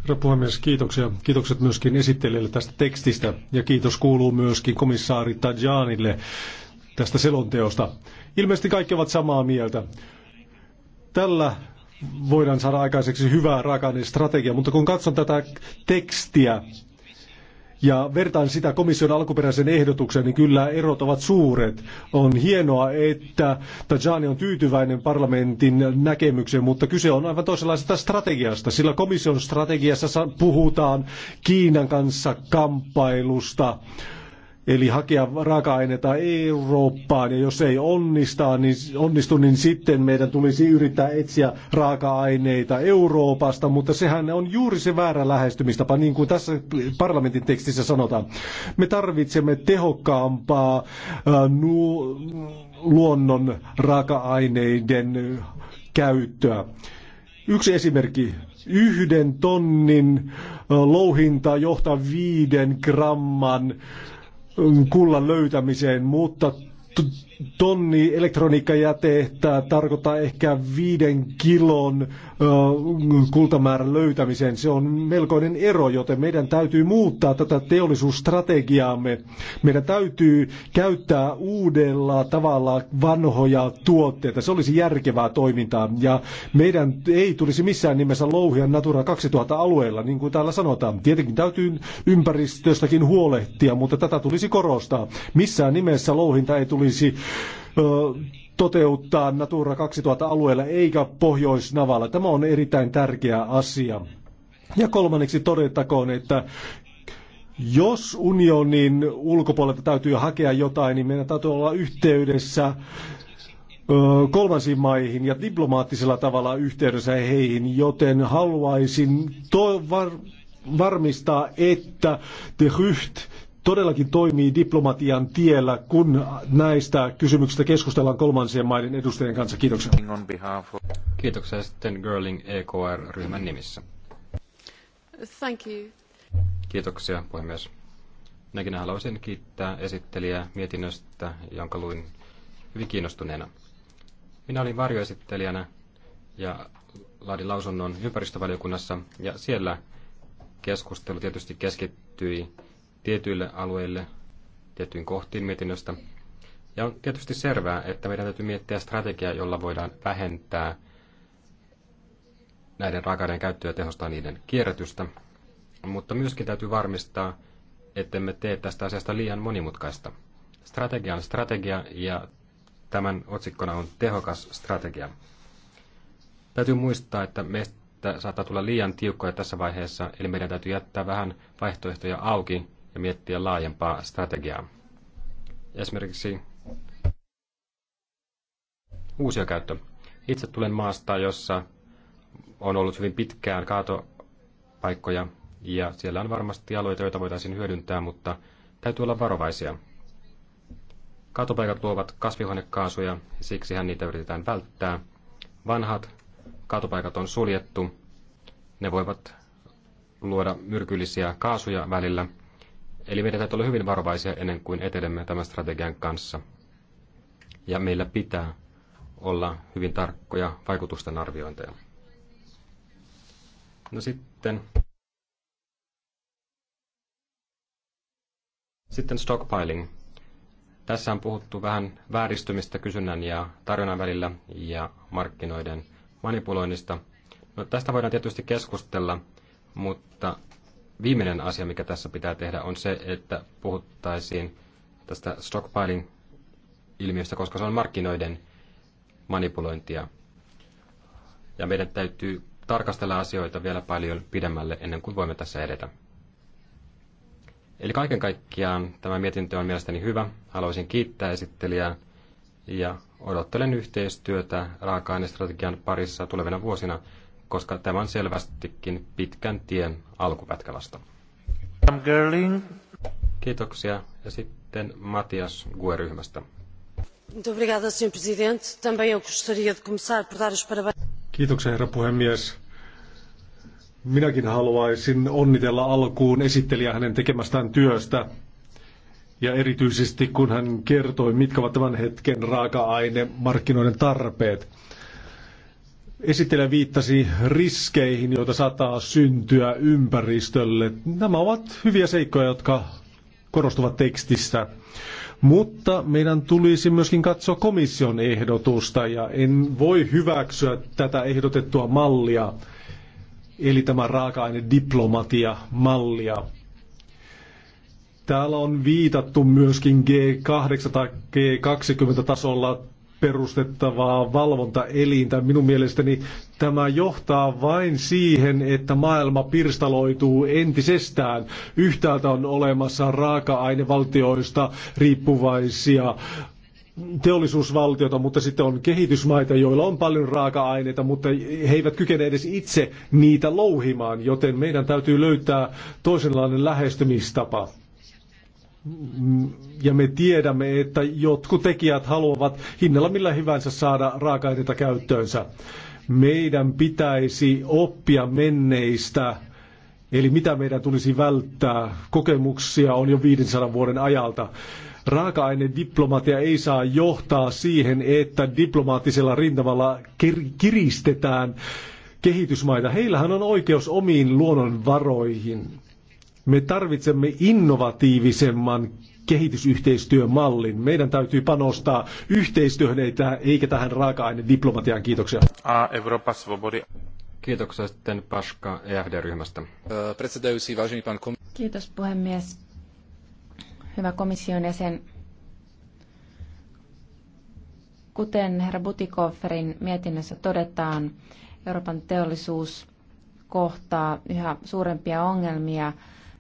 Herra puhemies, kiitoksia. Kiitokset myöskin esittelijälle tästä tekstistä ja kiitos kuuluu myöskin komissaari Tajanille tästä selonteosta. Ilmeisesti kaikki ovat samaa mieltä. Tällä voidaan saada aikaiseksi hyvää raaka strategia, mutta kun katson tätä tekstiä ja vertaan sitä komission alkuperäisen ehdotukseen, niin kyllä erot ovat suuret. On hienoa, että Tajani on tyytyväinen parlamentin näkemykseen, mutta kyse on aivan toisenlaisesta strategiasta, sillä komission strategiassa puhutaan Kiinan kanssa kamppailusta, Eli hakea raaka-aineita Eurooppaan, ja jos ei niin, onnistu, niin sitten meidän tulisi yrittää etsiä raaka-aineita Euroopasta, mutta sehän on juuri se väärä lähestymistapa, niin kuin tässä parlamentin tekstissä sanotaan. Me tarvitsemme tehokkaampaa äh, nu, luonnon raaka-aineiden käyttöä. Yksi esimerkki. Yhden tonnin louhinta johtaa viiden gramman kullan löytämiseen, mutta tonni elektroniikkajätettä tarkoittaa ehkä viiden kilon kultamäärän löytämisen. Se on melkoinen ero, joten meidän täytyy muuttaa tätä teollisuusstrategiaamme. Meidän täytyy käyttää uudella tavalla vanhoja tuotteita. Se olisi järkevää toimintaa ja meidän ei tulisi missään nimessä louhia Natura 2000 alueella, niin kuin täällä sanotaan. Tietenkin täytyy ympäristöstäkin huolehtia, mutta tätä tulisi korostaa. Missään nimessä louhinta ei tulisi toteuttaa Natura 2000-alueella eikä Pohjois-Navalla. Tämä on erittäin tärkeä asia. Ja kolmanneksi todettakoon, että jos unionin ulkopuolelta täytyy hakea jotain, niin meidän täytyy olla yhteydessä kolmansiin maihin ja diplomaattisella tavalla yhteydessä heihin, joten haluaisin to- var- varmistaa, että te Ryht todellakin toimii diplomatian tiellä, kun näistä kysymyksistä keskustellaan kolmansien maiden edustajien kanssa. Kiitoksia. Kiitoksia sitten Girling EKR-ryhmän nimissä. Thank you. Kiitoksia puhemies. Minäkin haluaisin kiittää esittelijää mietinnöstä, jonka luin hyvin kiinnostuneena. Minä olin varjoesittelijänä ja laadin lausunnon ympäristövaliokunnassa ja siellä keskustelu tietysti keskittyi tietyille alueille, tiettyihin kohtiin mietinnöstä. Ja on tietysti selvää, että meidän täytyy miettiä strategiaa, jolla voidaan vähentää näiden raaka käyttöä ja tehostaa niiden kierrätystä. Mutta myöskin täytyy varmistaa, ettemme tee tästä asiasta liian monimutkaista. Strategia on strategia ja tämän otsikkona on tehokas strategia. Täytyy muistaa, että meistä saattaa tulla liian tiukkoja tässä vaiheessa, eli meidän täytyy jättää vähän vaihtoehtoja auki, ja miettiä laajempaa strategiaa. Esimerkiksi uusia käyttö. Itse tulen maasta, jossa on ollut hyvin pitkään kaatopaikkoja ja siellä on varmasti alueita, joita voitaisiin hyödyntää, mutta täytyy olla varovaisia. Kaatopaikat luovat kasvihuonekaasuja, hän niitä yritetään välttää. Vanhat kaatopaikat on suljettu. Ne voivat luoda myrkyllisiä kaasuja välillä, Eli meidän täytyy olla hyvin varovaisia ennen kuin etenemme tämän strategian kanssa. Ja meillä pitää olla hyvin tarkkoja vaikutusten arviointeja. No sitten... Sitten stockpiling. Tässä on puhuttu vähän vääristymistä kysynnän ja tarjonnan välillä ja markkinoiden manipuloinnista. No, tästä voidaan tietysti keskustella, mutta viimeinen asia, mikä tässä pitää tehdä, on se, että puhuttaisiin tästä stockpiling ilmiöstä, koska se on markkinoiden manipulointia. Ja meidän täytyy tarkastella asioita vielä paljon pidemmälle ennen kuin voimme tässä edetä. Eli kaiken kaikkiaan tämä mietintö on mielestäni hyvä. Haluaisin kiittää esittelijää ja odottelen yhteistyötä raaka-ainestrategian parissa tulevina vuosina, koska tämä on selvästikin pitkän tien alkupätkä vasta. Kiitoksia. Ja sitten Matias GUE-ryhmästä. Kiitoksia, herra puhemies. Minäkin haluaisin onnitella alkuun esittelijä hänen tekemästään työstä. Ja erityisesti kun hän kertoi, mitkä ovat tämän hetken raaka-aine markkinoiden tarpeet. Esittelijä viittasi riskeihin, joita saattaa syntyä ympäristölle. Nämä ovat hyviä seikkoja, jotka korostuvat tekstissä. Mutta meidän tulisi myöskin katsoa komission ehdotusta ja en voi hyväksyä tätä ehdotettua mallia, eli tämä raaka diplomatia mallia. Täällä on viitattu myöskin G8 tai G20 tasolla perustettavaa valvontaelintä. Minun mielestäni tämä johtaa vain siihen, että maailma pirstaloituu entisestään. Yhtäältä on olemassa raaka-ainevaltioista riippuvaisia teollisuusvaltiota, mutta sitten on kehitysmaita, joilla on paljon raaka-aineita, mutta he eivät kykene edes itse niitä louhimaan, joten meidän täytyy löytää toisenlainen lähestymistapa ja me tiedämme, että jotkut tekijät haluavat hinnalla millä hyvänsä saada raaka-aineita käyttöönsä. Meidän pitäisi oppia menneistä, eli mitä meidän tulisi välttää. Kokemuksia on jo 500 vuoden ajalta. Raaka-ainediplomatia ei saa johtaa siihen, että diplomaattisella rintamalla kiristetään kehitysmaita. Heillähän on oikeus omiin luonnonvaroihin me tarvitsemme innovatiivisemman kehitysyhteistyömallin. Meidän täytyy panostaa yhteistyöhön eikä tähän raaka-ainediplomatiaan. Kiitoksia. A Europa Svobodi. Kiitoksia sitten Paska EFD-ryhmästä. Kiitos puhemies. Hyvä komission jäsen. Kuten herra Butikofferin mietinnössä todetaan, Euroopan teollisuus kohtaa yhä suurempia ongelmia –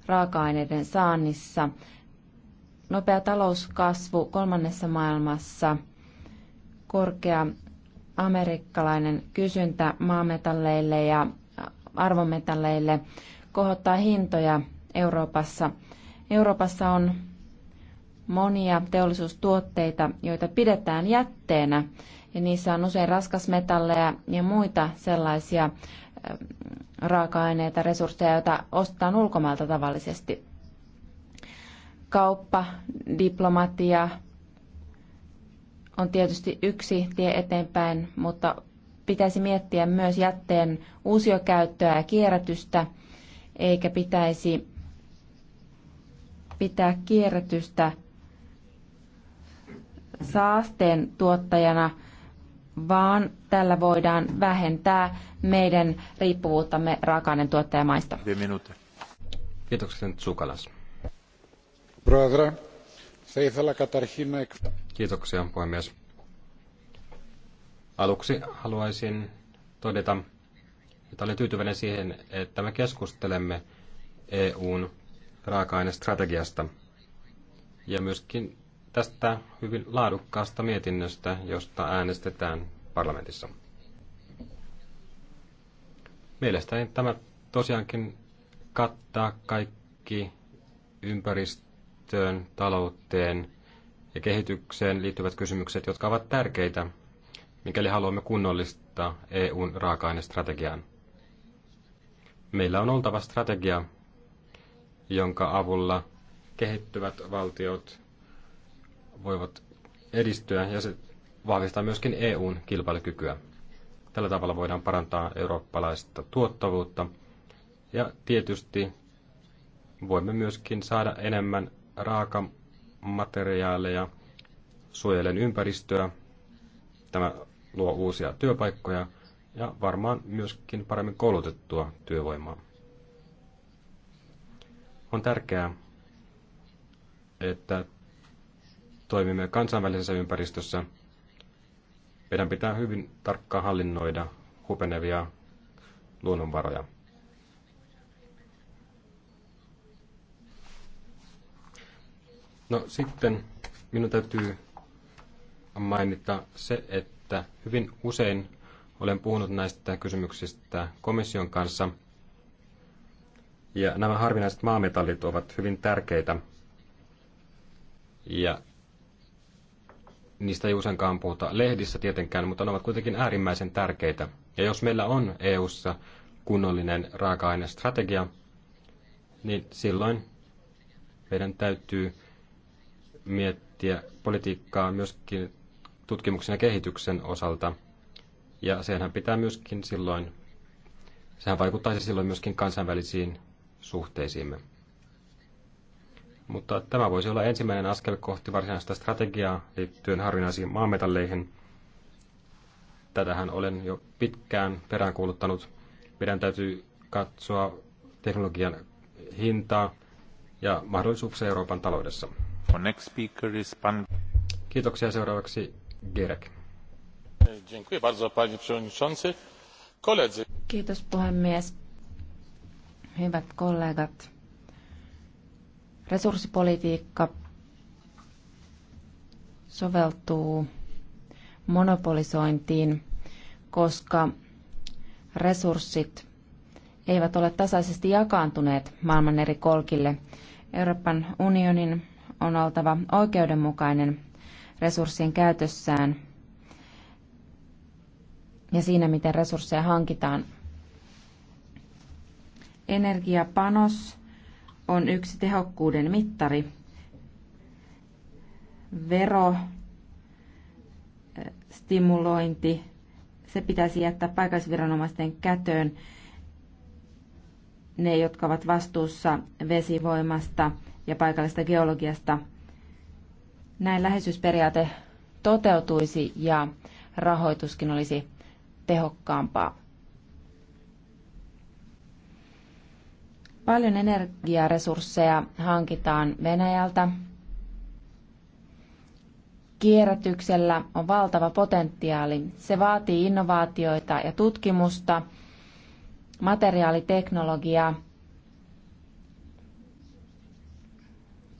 raaka-aineiden saannissa, nopea talouskasvu kolmannessa maailmassa, korkea amerikkalainen kysyntä maametalleille ja arvometalleille kohottaa hintoja Euroopassa. Euroopassa on monia teollisuustuotteita, joita pidetään jätteenä, ja niissä on usein raskasmetalleja ja muita sellaisia raaka-aineita, resursseja, joita ostetaan ulkomailta tavallisesti. Kauppa, diplomatia on tietysti yksi tie eteenpäin, mutta pitäisi miettiä myös jätteen uusiokäyttöä ja kierrätystä, eikä pitäisi pitää kierrätystä saasteen tuottajana – vaan tällä voidaan vähentää meidän riippuvuuttamme raaka-aineen tuottajamaista. Kiitoksia, Tsukalas. Kiitoksia, puhemies. Aluksi haluaisin todeta, että olen tyytyväinen siihen, että me keskustelemme EUn raaka-ainestrategiasta ja myöskin tästä hyvin laadukkaasta mietinnöstä, josta äänestetään parlamentissa. Mielestäni tämä tosiaankin kattaa kaikki ympäristöön, talouteen ja kehitykseen liittyvät kysymykset, jotka ovat tärkeitä, mikäli haluamme kunnollista EUn raaka-ainestrategiaan. Meillä on oltava strategia, jonka avulla kehittyvät valtiot voivat edistyä ja se vahvistaa myöskin EUn kilpailukykyä. Tällä tavalla voidaan parantaa eurooppalaista tuottavuutta ja tietysti voimme myöskin saada enemmän raakamateriaaleja suojelen ympäristöä. Tämä luo uusia työpaikkoja ja varmaan myöskin paremmin koulutettua työvoimaa. On tärkeää, että toimimme kansainvälisessä ympäristössä, meidän pitää hyvin tarkkaan hallinnoida hupenevia luonnonvaroja. No sitten minun täytyy mainita se, että hyvin usein olen puhunut näistä kysymyksistä komission kanssa. Ja nämä harvinaiset maametallit ovat hyvin tärkeitä. Ja niistä ei useinkaan puhuta lehdissä tietenkään, mutta ne ovat kuitenkin äärimmäisen tärkeitä. Ja jos meillä on EU:ssa kunnollinen raaka-ainestrategia, niin silloin meidän täytyy miettiä politiikkaa myöskin tutkimuksen ja kehityksen osalta. Ja sehän pitää myöskin silloin, sehän vaikuttaisi silloin myöskin kansainvälisiin suhteisiimme. Mutta tämä voisi olla ensimmäinen askel kohti varsinaista strategiaa liittyen harvinaisiin maametalleihin. Tätähän olen jo pitkään peräänkuuluttanut. Meidän täytyy katsoa teknologian hintaa ja mahdollisuuksia Euroopan taloudessa. Next speaker is Pan... Kiitoksia seuraavaksi Gerek. Kiitos puhemies. Hyvät kollegat. Resurssipolitiikka soveltuu monopolisointiin, koska resurssit eivät ole tasaisesti jakaantuneet maailman eri kolkille. Euroopan unionin on oltava oikeudenmukainen resurssien käytössään ja siinä, miten resursseja hankitaan. Energiapanos on yksi tehokkuuden mittari. Vero, eh, stimulointi, se pitäisi jättää paikallisviranomaisten kätöön. Ne, jotka ovat vastuussa vesivoimasta ja paikallisesta geologiasta. Näin läheisyysperiaate toteutuisi ja rahoituskin olisi tehokkaampaa. Paljon energiaresursseja hankitaan Venäjältä. Kierrätyksellä on valtava potentiaali. Se vaatii innovaatioita ja tutkimusta, materiaaliteknologiaa,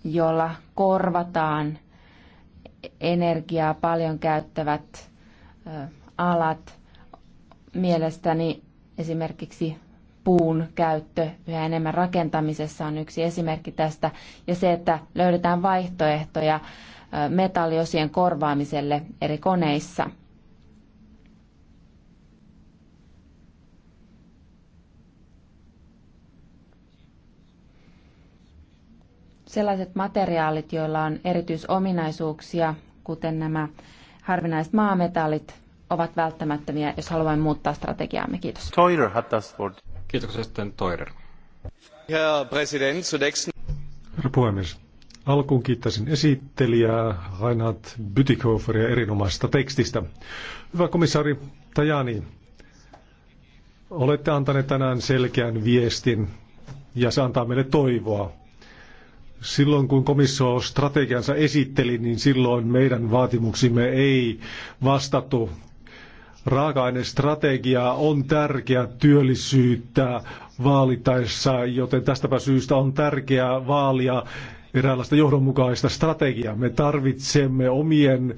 jolla korvataan energiaa paljon käyttävät alat. Mielestäni esimerkiksi puun käyttö yhä enemmän rakentamisessa on yksi esimerkki tästä, ja se, että löydetään vaihtoehtoja metalliosien korvaamiselle eri koneissa. Sellaiset materiaalit, joilla on erityisominaisuuksia, kuten nämä harvinaiset maametallit, ovat välttämättömiä, jos haluamme muuttaa strategiaamme. Kiitos. Herra puhemies, alkuun kiittäisin esittelijää Reinhard Bütikoferia erinomaisesta tekstistä. Hyvä komissaari Tajani, olette antaneet tänään selkeän viestin ja se antaa meille toivoa. Silloin kun komissio strategiansa esitteli, niin silloin meidän vaatimuksimme ei vastattu Raaka-ainestrategia on tärkeä työllisyyttä vaalitaessa, joten tästäpä syystä on tärkeää vaalia eräänlaista johdonmukaista strategiaa. Me tarvitsemme omien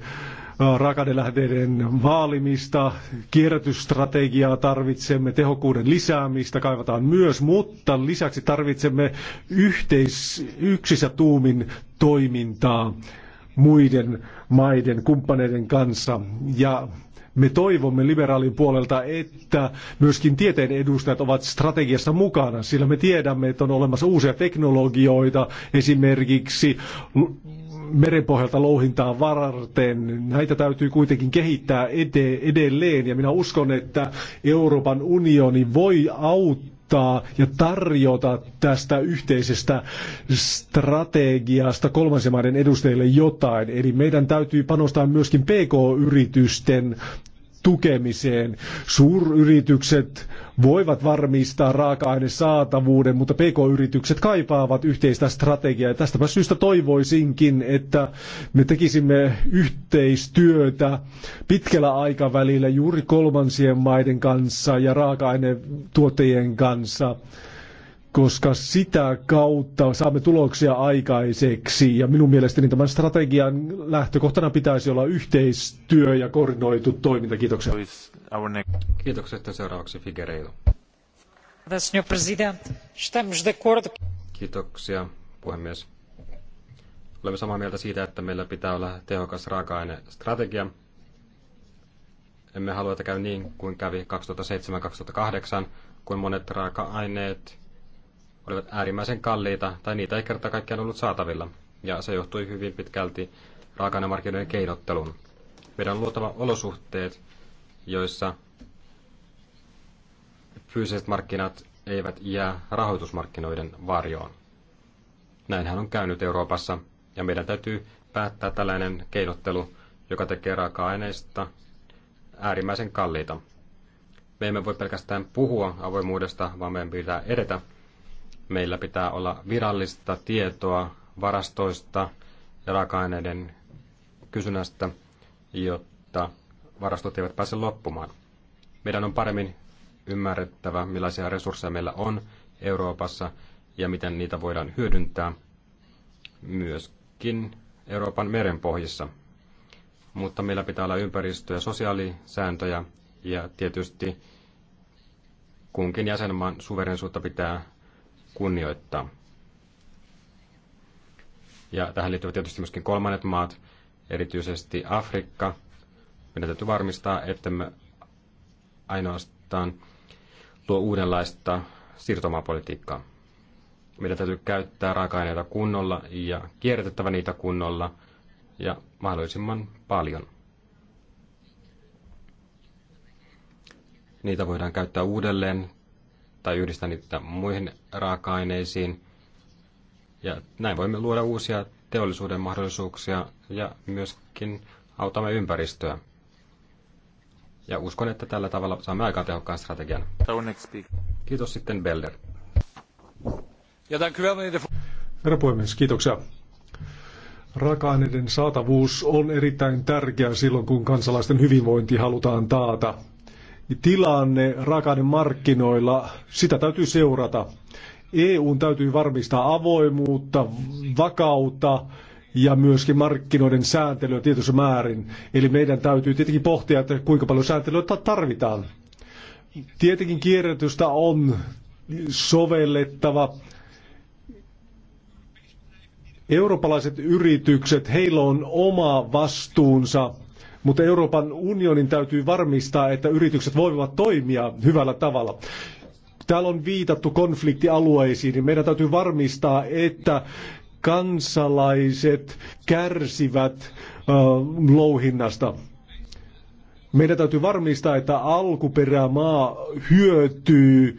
raaka-ainelähteiden vaalimista, kierrätysstrategiaa tarvitsemme, tehokkuuden lisäämistä kaivataan myös, mutta lisäksi tarvitsemme yhteis, yksissä tuumin toimintaa muiden maiden, kumppaneiden kanssa. Ja me toivomme liberaalin puolelta, että myöskin tieteen edustajat ovat strategiassa mukana, sillä me tiedämme, että on olemassa uusia teknologioita, esimerkiksi merenpohjalta louhintaa varten. Näitä täytyy kuitenkin kehittää edelleen ja minä uskon, että Euroopan unioni voi auttaa ottaa ja tarjota tästä yhteisestä strategiasta kolmansien maiden edustajille jotain. Eli meidän täytyy panostaa myöskin PK-yritysten tukemiseen. Suuryritykset voivat varmistaa raaka saatavuuden, mutta pk-yritykset kaipaavat yhteistä strategiaa. tästä. syystä toivoisinkin, että me tekisimme yhteistyötä pitkällä aikavälillä juuri kolmansien maiden kanssa ja raaka-ainetuottajien kanssa koska sitä kautta saamme tuloksia aikaiseksi. Ja minun mielestäni tämän strategian lähtökohtana pitäisi olla yhteistyö ja koordinoitu toiminta. Kiitoksia. Kiitoksia. Seuraavaksi Figereido. Kiitoksia, puhemies. Olemme samaa mieltä siitä, että meillä pitää olla tehokas raaka-ainestrategia. Emme halua, että käy niin kuin kävi 2007-2008, kun monet raaka-aineet – olivat äärimmäisen kalliita tai niitä ei kerta kaikkiaan ollut saatavilla. Ja se johtui hyvin pitkälti raaka-ainemarkkinoiden keinottelun. Meidän on luotava olosuhteet, joissa fyysiset markkinat eivät jää rahoitusmarkkinoiden varjoon. Näinhän on käynyt Euroopassa, ja meidän täytyy päättää tällainen keinottelu, joka tekee raaka-aineista äärimmäisen kalliita. Me emme voi pelkästään puhua avoimuudesta, vaan meidän pitää edetä, Meillä pitää olla virallista tietoa varastoista ja raaka-aineiden kysynnästä, jotta varastot eivät pääse loppumaan. Meidän on paremmin ymmärrettävä, millaisia resursseja meillä on Euroopassa ja miten niitä voidaan hyödyntää myöskin Euroopan merenpohjissa. Mutta meillä pitää olla ympäristö- ja sosiaalisääntöjä ja tietysti kunkin jäsenmaan suverensuutta pitää kunnioittaa. Ja tähän liittyvät tietysti myöskin kolmannet maat, erityisesti Afrikka. Meidän täytyy varmistaa, että me ainoastaan tuo uudenlaista siirtomaapolitiikkaa. Meidän täytyy käyttää raaka-aineita kunnolla ja kierrätettävä niitä kunnolla ja mahdollisimman paljon. Niitä voidaan käyttää uudelleen tai yhdistää niitä muihin raaka-aineisiin. Ja näin voimme luoda uusia teollisuuden mahdollisuuksia ja myöskin autamme ympäristöä. Ja uskon, että tällä tavalla saamme aikaan tehokkaan strategian. Kiitos sitten Beller. Herra puhemies, kiitoksia. Raaka-aineiden saatavuus on erittäin tärkeää silloin, kun kansalaisten hyvinvointi halutaan taata. Niin tilanne raakaiden markkinoilla, sitä täytyy seurata. EUn täytyy varmistaa avoimuutta, vakautta ja myöskin markkinoiden sääntelyä tietyssä määrin. Eli meidän täytyy tietenkin pohtia, että kuinka paljon sääntelyä tarvitaan. Tietenkin kierrätystä on sovellettava. Eurooppalaiset yritykset, heillä on oma vastuunsa mutta Euroopan unionin täytyy varmistaa, että yritykset voivat toimia hyvällä tavalla. Täällä on viitattu konfliktialueisiin, niin meidän täytyy varmistaa, että kansalaiset kärsivät äh, louhinnasta. Meidän täytyy varmistaa, että alkuperämaa hyötyy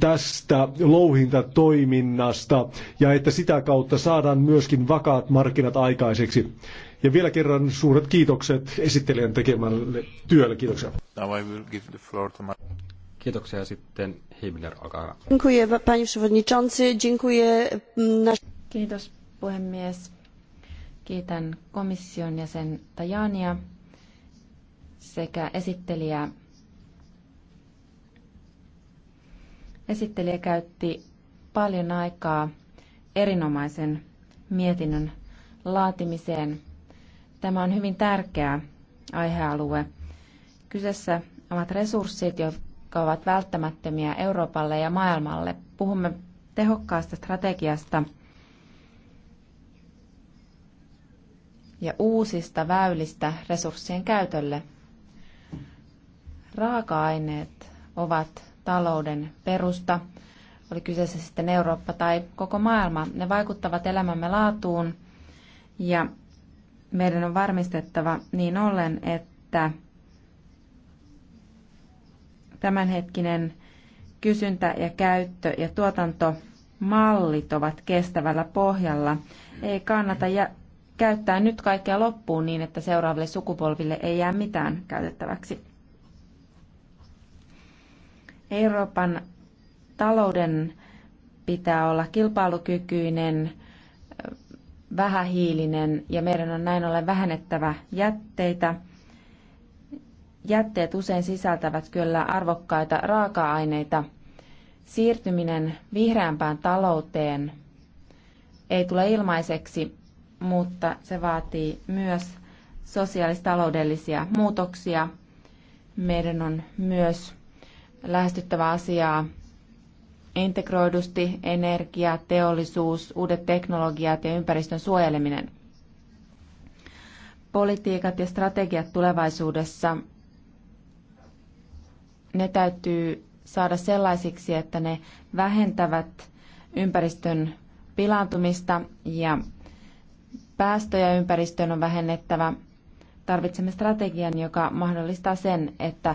tästä louhintatoiminnasta ja että sitä kautta saadaan myöskin vakaat markkinat aikaiseksi. Ja vielä kerran suuret kiitokset esittelijän tekemälle työlle. Kiitoksia. Now I will give the floor to my... Kiitoksia sitten Himmler, Agara. Dziękuję, panie przewodniczący. Dziękuję. Mm, Kiitos puhemies. Kiitän komission jäsen Tajania sekä esittelijä. Esittelijä käytti paljon aikaa erinomaisen mietinnön laatimiseen – Tämä on hyvin tärkeä aihealue. Kyseessä ovat resurssit, jotka ovat välttämättömiä Euroopalle ja maailmalle. Puhumme tehokkaasta strategiasta ja uusista väylistä resurssien käytölle. Raaka-aineet ovat talouden perusta, oli kyseessä sitten Eurooppa tai koko maailma. Ne vaikuttavat elämämme laatuun ja meidän on varmistettava niin ollen, että tämänhetkinen kysyntä ja käyttö ja tuotantomallit ovat kestävällä pohjalla. Ei kannata ja käyttää nyt kaikkea loppuun niin, että seuraaville sukupolville ei jää mitään käytettäväksi. Euroopan talouden pitää olla kilpailukykyinen vähähiilinen ja meidän on näin ollen vähennettävä jätteitä. Jätteet usein sisältävät kyllä arvokkaita raaka-aineita. Siirtyminen vihreämpään talouteen ei tule ilmaiseksi, mutta se vaatii myös sosiaalistaloudellisia muutoksia. Meidän on myös lähestyttävä asiaa integroidusti energia, teollisuus, uudet teknologiat ja ympäristön suojeleminen. Politiikat ja strategiat tulevaisuudessa, ne täytyy saada sellaisiksi, että ne vähentävät ympäristön pilaantumista ja päästöjä ympäristöön on vähennettävä. Tarvitsemme strategian, joka mahdollistaa sen, että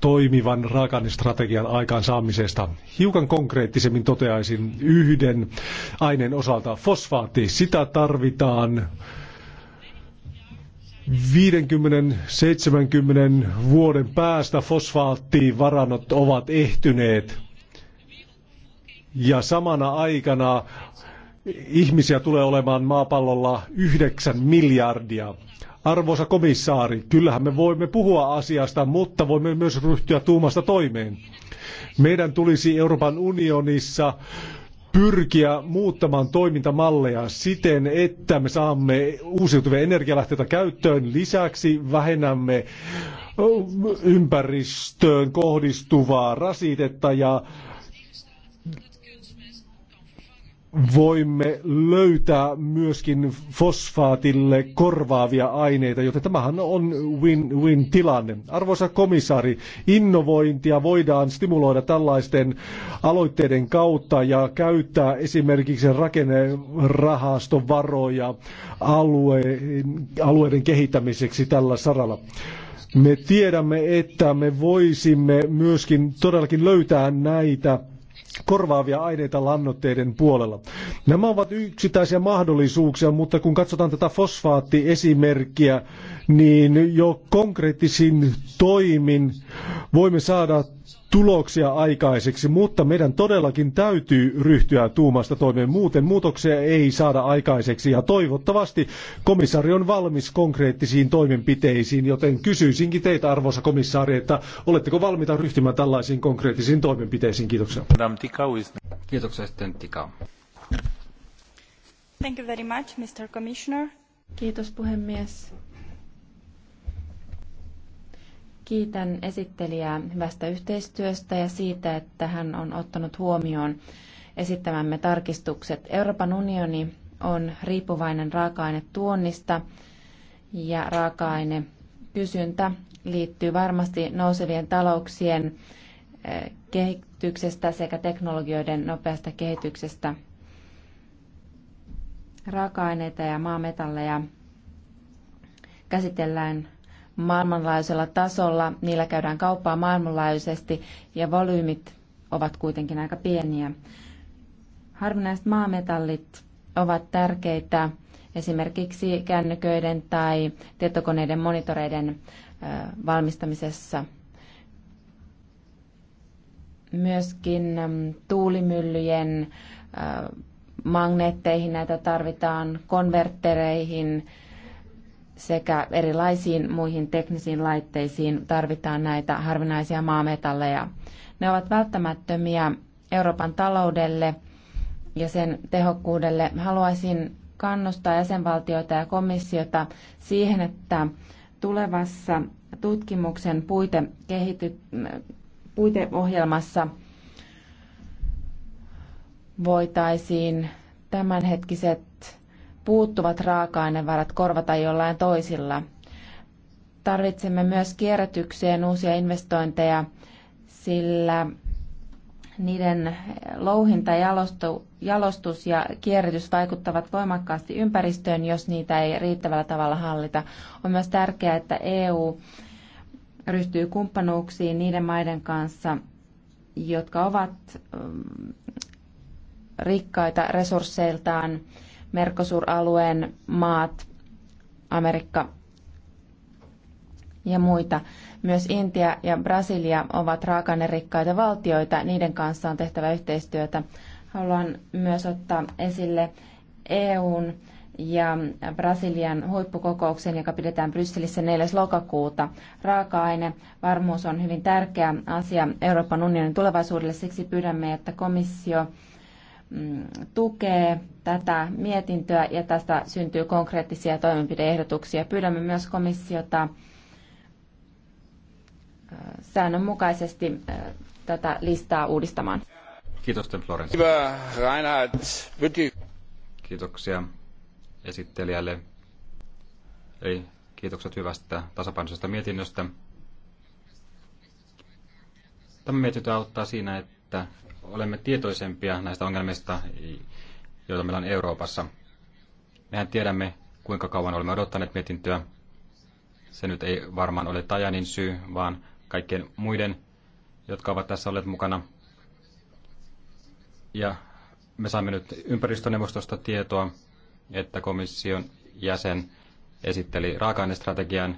toimivan raaka aikaansaamisesta. Hiukan konkreettisemmin toteaisin yhden aineen osalta. Fosfaatti, sitä tarvitaan 50-70 vuoden päästä fosfaattivarannot ovat ehtyneet. Ja samana aikana ihmisiä tulee olemaan maapallolla 9 miljardia. Arvoisa komissaari, kyllähän me voimme puhua asiasta, mutta voimme myös ryhtyä tuumasta toimeen. Meidän tulisi Euroopan unionissa pyrkiä muuttamaan toimintamalleja siten, että me saamme uusiutuvia energialähteitä käyttöön. Lisäksi vähennämme ympäristöön kohdistuvaa rasitetta ja voimme löytää myöskin fosfaatille korvaavia aineita, joten tämähän on win-win tilanne. Arvoisa komissaari, innovointia voidaan stimuloida tällaisten aloitteiden kautta ja käyttää esimerkiksi rakennerahastovaroja alue, alueiden kehittämiseksi tällä saralla. Me tiedämme, että me voisimme myöskin todellakin löytää näitä korvaavia aineita lannoitteiden puolella. Nämä ovat yksittäisiä mahdollisuuksia, mutta kun katsotaan tätä fosfaattiesimerkkiä, niin jo konkreettisin toimin voimme saada tuloksia aikaiseksi, mutta meidän todellakin täytyy ryhtyä tuumasta toimeen. Muuten muutoksia ei saada aikaiseksi ja toivottavasti komissaari on valmis konkreettisiin toimenpiteisiin, joten kysyisinkin teitä arvoisa komissaari, että oletteko valmiita ryhtymään tällaisiin konkreettisiin toimenpiteisiin? Kiitoksia. Kiitoksia sitten Tikau. Thank you very much, Mr. Commissioner. Kiitos puhemies. Kiitän esittelijää hyvästä yhteistyöstä ja siitä, että hän on ottanut huomioon esittämämme tarkistukset. Euroopan unioni on riippuvainen raaka-ainetuonnista ja raaka-aine kysyntä liittyy varmasti nousevien talouksien eh, kehityksestä sekä teknologioiden nopeasta kehityksestä. Raaka-aineita ja maametalleja käsitellään maailmanlaajuisella tasolla, niillä käydään kauppaa maailmanlaajuisesti ja volyymit ovat kuitenkin aika pieniä. Harvinaiset maametallit ovat tärkeitä esimerkiksi kännyköiden tai tietokoneiden monitoreiden valmistamisessa. Myöskin tuulimyllyjen magneetteihin näitä tarvitaan, konvertereihin, sekä erilaisiin muihin teknisiin laitteisiin tarvitaan näitä harvinaisia maametalleja. Ne ovat välttämättömiä Euroopan taloudelle ja sen tehokkuudelle. Haluaisin kannustaa jäsenvaltioita ja komissiota siihen, että tulevassa tutkimuksen puiteohjelmassa voitaisiin tämänhetkiset puuttuvat raaka-ainevarat korvata jollain toisilla. Tarvitsemme myös kierrätykseen uusia investointeja, sillä niiden louhinta, jalostus ja kierrätys vaikuttavat voimakkaasti ympäristöön, jos niitä ei riittävällä tavalla hallita. On myös tärkeää, että EU ryhtyy kumppanuuksiin niiden maiden kanssa, jotka ovat mm, rikkaita resursseiltaan merkosur alueen maat, Amerikka ja muita. Myös Intia ja Brasilia ovat raakanerikkaita valtioita, niiden kanssa on tehtävä yhteistyötä. Haluan myös ottaa esille EUn ja Brasilian huippukokouksen, joka pidetään Brysselissä 4. lokakuuta. Raaka-aine varmuus on hyvin tärkeä asia Euroopan unionin tulevaisuudelle, siksi pyydämme, että komissio Mm, tukee tätä mietintöä ja tästä syntyy konkreettisia toimenpideehdotuksia. Pyydämme myös komissiota äh, säännönmukaisesti äh, tätä listaa uudistamaan. Kiitos, Florence. Hyvä, Reinhard. Kiitoksia esittelijälle. Eli kiitokset hyvästä tasapainoisesta mietinnöstä. Tämä mietintö auttaa siinä, että olemme tietoisempia näistä ongelmista, joita meillä on Euroopassa. Mehän tiedämme, kuinka kauan olemme odottaneet mietintöä. Se nyt ei varmaan ole Tajanin syy, vaan kaikkien muiden, jotka ovat tässä olleet mukana. Ja me saimme nyt ympäristöneuvostosta tietoa, että komission jäsen esitteli raaka-ainestrategian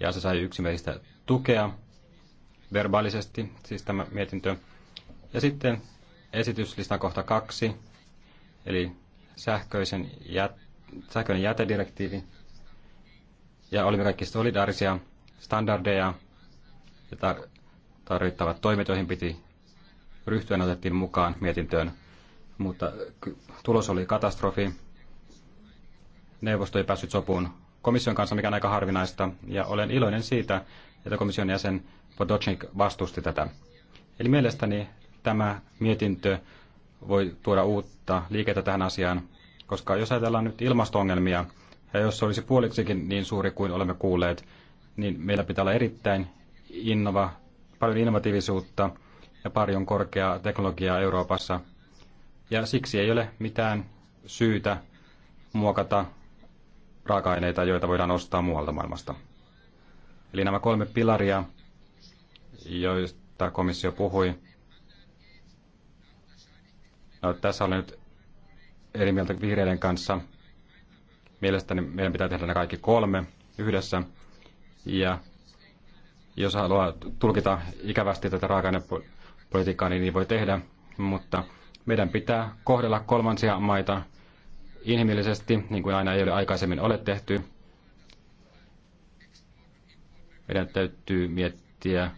ja se sai yksimielistä tukea verbaalisesti, siis tämä mietintö. Ja sitten esityslistan kohta kaksi, eli sähköisen jät, sähköinen jätedirektiivi. Ja olimme kaikki solidaarisia standardeja ja tar- tarvittavat toimet, joihin piti ryhtyä, ne otettiin mukaan mietintöön. Mutta tulos oli katastrofi. Neuvosto ei päässyt sopuun komission kanssa, mikä on aika harvinaista, ja olen iloinen siitä, että komission jäsen Podocnik vastusti tätä. Eli mielestäni tämä mietintö voi tuoda uutta liikettä tähän asiaan, koska jos ajatellaan nyt ilmastoongelmia, ja jos se olisi puoliksikin niin suuri kuin olemme kuulleet, niin meillä pitää olla erittäin innova, paljon innovatiivisuutta ja paljon korkeaa teknologiaa Euroopassa. Ja siksi ei ole mitään syytä muokata raaka-aineita, joita voidaan ostaa muualta maailmasta. Eli nämä kolme pilaria, joista komissio puhui, No, tässä olen nyt eri mieltä vihreiden kanssa. Mielestäni meidän pitää tehdä ne kaikki kolme yhdessä. Ja jos haluaa tulkita ikävästi tätä raaka politiikkaa, niin niin voi tehdä. Mutta meidän pitää kohdella kolmansia maita inhimillisesti, niin kuin aina ei ole aikaisemmin ole tehty. Meidän täytyy miettiä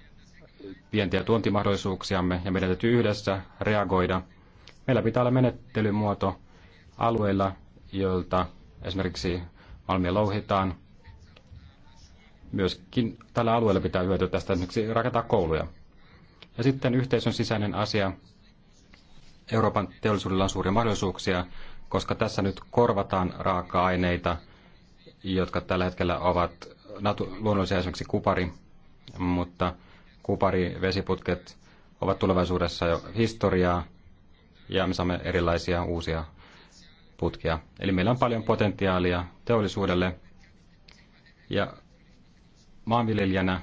pientiä tuontimahdollisuuksiamme ja meidän täytyy yhdessä reagoida – Meillä pitää olla menettelymuoto alueilla, joilta esimerkiksi malmia louhitaan. Myöskin tällä alueella pitää hyötyä tästä esimerkiksi rakentaa kouluja. Ja sitten yhteisön sisäinen asia. Euroopan teollisuudella on suuria mahdollisuuksia, koska tässä nyt korvataan raaka-aineita, jotka tällä hetkellä ovat luonnollisia esimerkiksi kupari, mutta kupari, vesiputket ovat tulevaisuudessa jo historiaa, ja me saamme erilaisia uusia putkia. Eli meillä on paljon potentiaalia teollisuudelle ja maanviljelijänä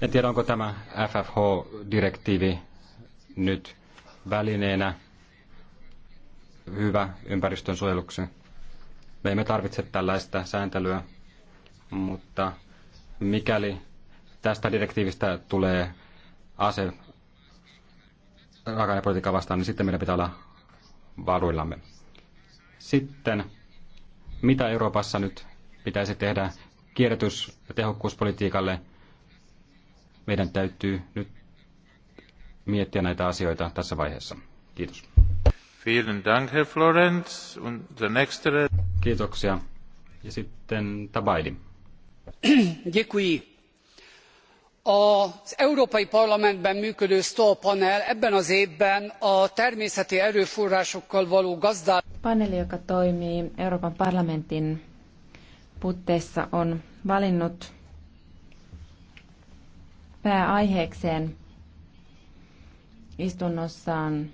En tiedä, onko tämä FFH-direktiivi nyt välineenä hyvä ympäristön suojeluksi. Me emme tarvitse tällaista sääntelyä, mutta mikäli tästä direktiivistä tulee ase raaka politiikkaa vastaan, niin sitten meidän pitää olla varuillamme. Sitten, mitä Euroopassa nyt pitäisi tehdä kierrätys- ja tehokkuuspolitiikalle? Meidän täytyy nyt miettiä näitä asioita tässä vaiheessa. Kiitos. Vielen Dank, Herr Florenz. Und the next... Kiitoksia. Ja sitten Tabaidi. Děkuji az európai parlamentben működő stoa panel ebben az évben a természeti erőforrásokkal való gazdálkodás. paneeli joka toimii euroopan parlamentin puitteissa on valinnut pääaiheekseen istunnossaan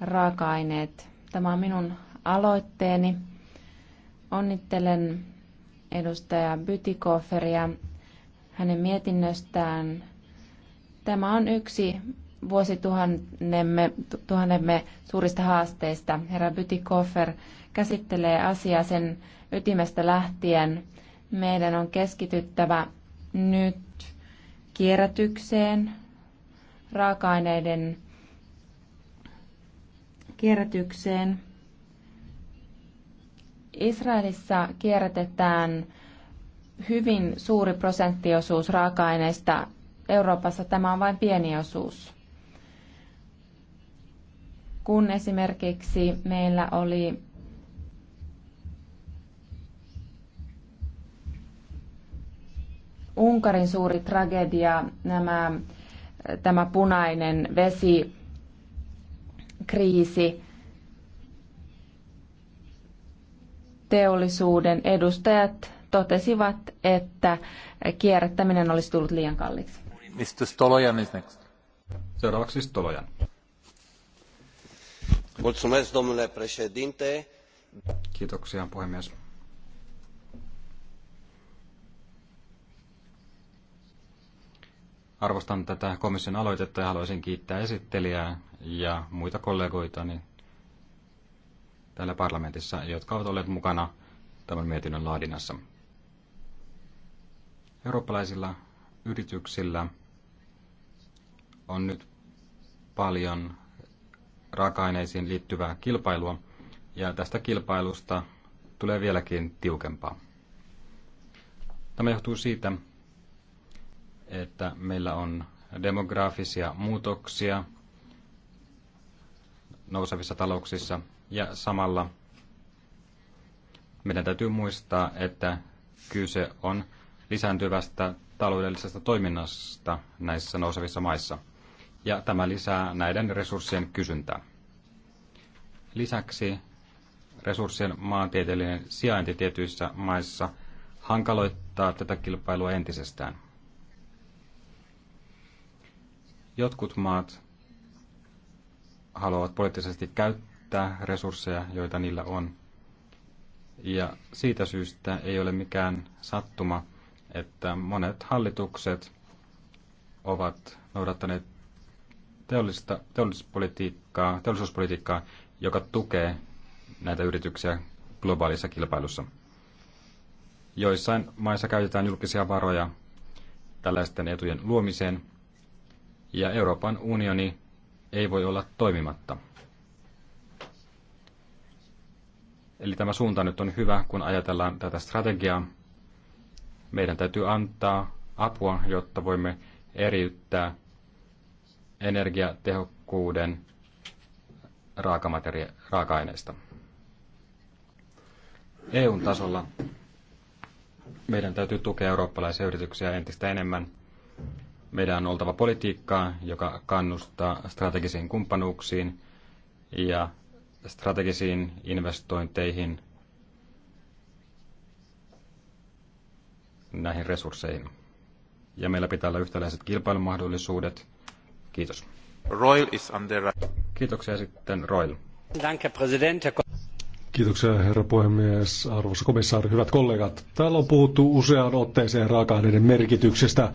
raaka-aineet. Tämä on minun aloitteeni. Onnittelen edustaja Bytikoferia hänen mietinnöstään. Tämä on yksi vuosituhannemme tuhannemme suurista haasteista. Herra Bytikofer käsittelee asiaa sen ytimestä lähtien. Meidän on keskityttävä nyt kierrätykseen, raaka-aineiden kierrätykseen. Israelissa kierrätetään hyvin suuri prosenttiosuus raaka-aineista. Euroopassa tämä on vain pieni osuus. Kun esimerkiksi meillä oli Unkarin suuri tragedia, nämä, tämä punainen vesikriisi, teollisuuden edustajat totesivat, että kierrättäminen olisi tullut liian kalliiksi. Mr. Stolojan is next. Seuraavaksi Stolojan. Mulțumesc, domnule președinte. Kiitoksia, puhemies. Arvostan tätä komission aloitetta ja haluaisin kiittää esittelijää ja muita kollegoitani täällä parlamentissa, jotka ovat olleet mukana tämän mietinnön laadinnassa. Eurooppalaisilla yrityksillä on nyt paljon raaka-aineisiin liittyvää kilpailua, ja tästä kilpailusta tulee vieläkin tiukempaa. Tämä johtuu siitä, että meillä on demografisia muutoksia nousevissa talouksissa ja samalla meidän täytyy muistaa, että kyse on lisääntyvästä taloudellisesta toiminnasta näissä nousevissa maissa, ja tämä lisää näiden resurssien kysyntää. Lisäksi resurssien maantieteellinen sijainti tietyissä maissa hankaloittaa tätä kilpailua entisestään. Jotkut maat haluavat poliittisesti käyttää resursseja, joita niillä on. Ja siitä syystä ei ole mikään sattuma, että monet hallitukset ovat noudattaneet teollista, teollisuuspolitiikkaa, teollisuuspolitiikkaa, joka tukee näitä yrityksiä globaalissa kilpailussa. Joissain maissa käytetään julkisia varoja tällaisten etujen luomiseen, ja Euroopan unioni ei voi olla toimimatta. Eli tämä suunta nyt on hyvä, kun ajatellaan tätä strategiaa, meidän täytyy antaa apua, jotta voimme eriyttää energiatehokkuuden raakamateria- raaka-aineista. EUn tasolla meidän täytyy tukea eurooppalaisia yrityksiä entistä enemmän. Meidän on oltava politiikkaa, joka kannustaa strategisiin kumppanuuksiin ja strategisiin investointeihin näihin resursseihin. Ja meillä pitää olla yhtäläiset kilpailumahdollisuudet. Kiitos. Royal is under... Kiitoksia sitten Royal. Danke, Kiitoksia herra puhemies, arvoisa komissaari, hyvät kollegat. Täällä on puhuttu useaan otteeseen raaka merkityksestä,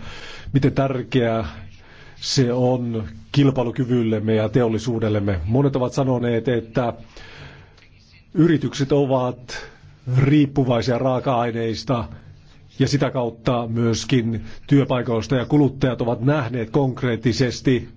miten tärkeää se on kilpailukyvyllemme ja teollisuudellemme. Monet ovat sanoneet, että yritykset ovat riippuvaisia raaka-aineista ja sitä kautta myöskin työpaikoista ja kuluttajat ovat nähneet konkreettisesti,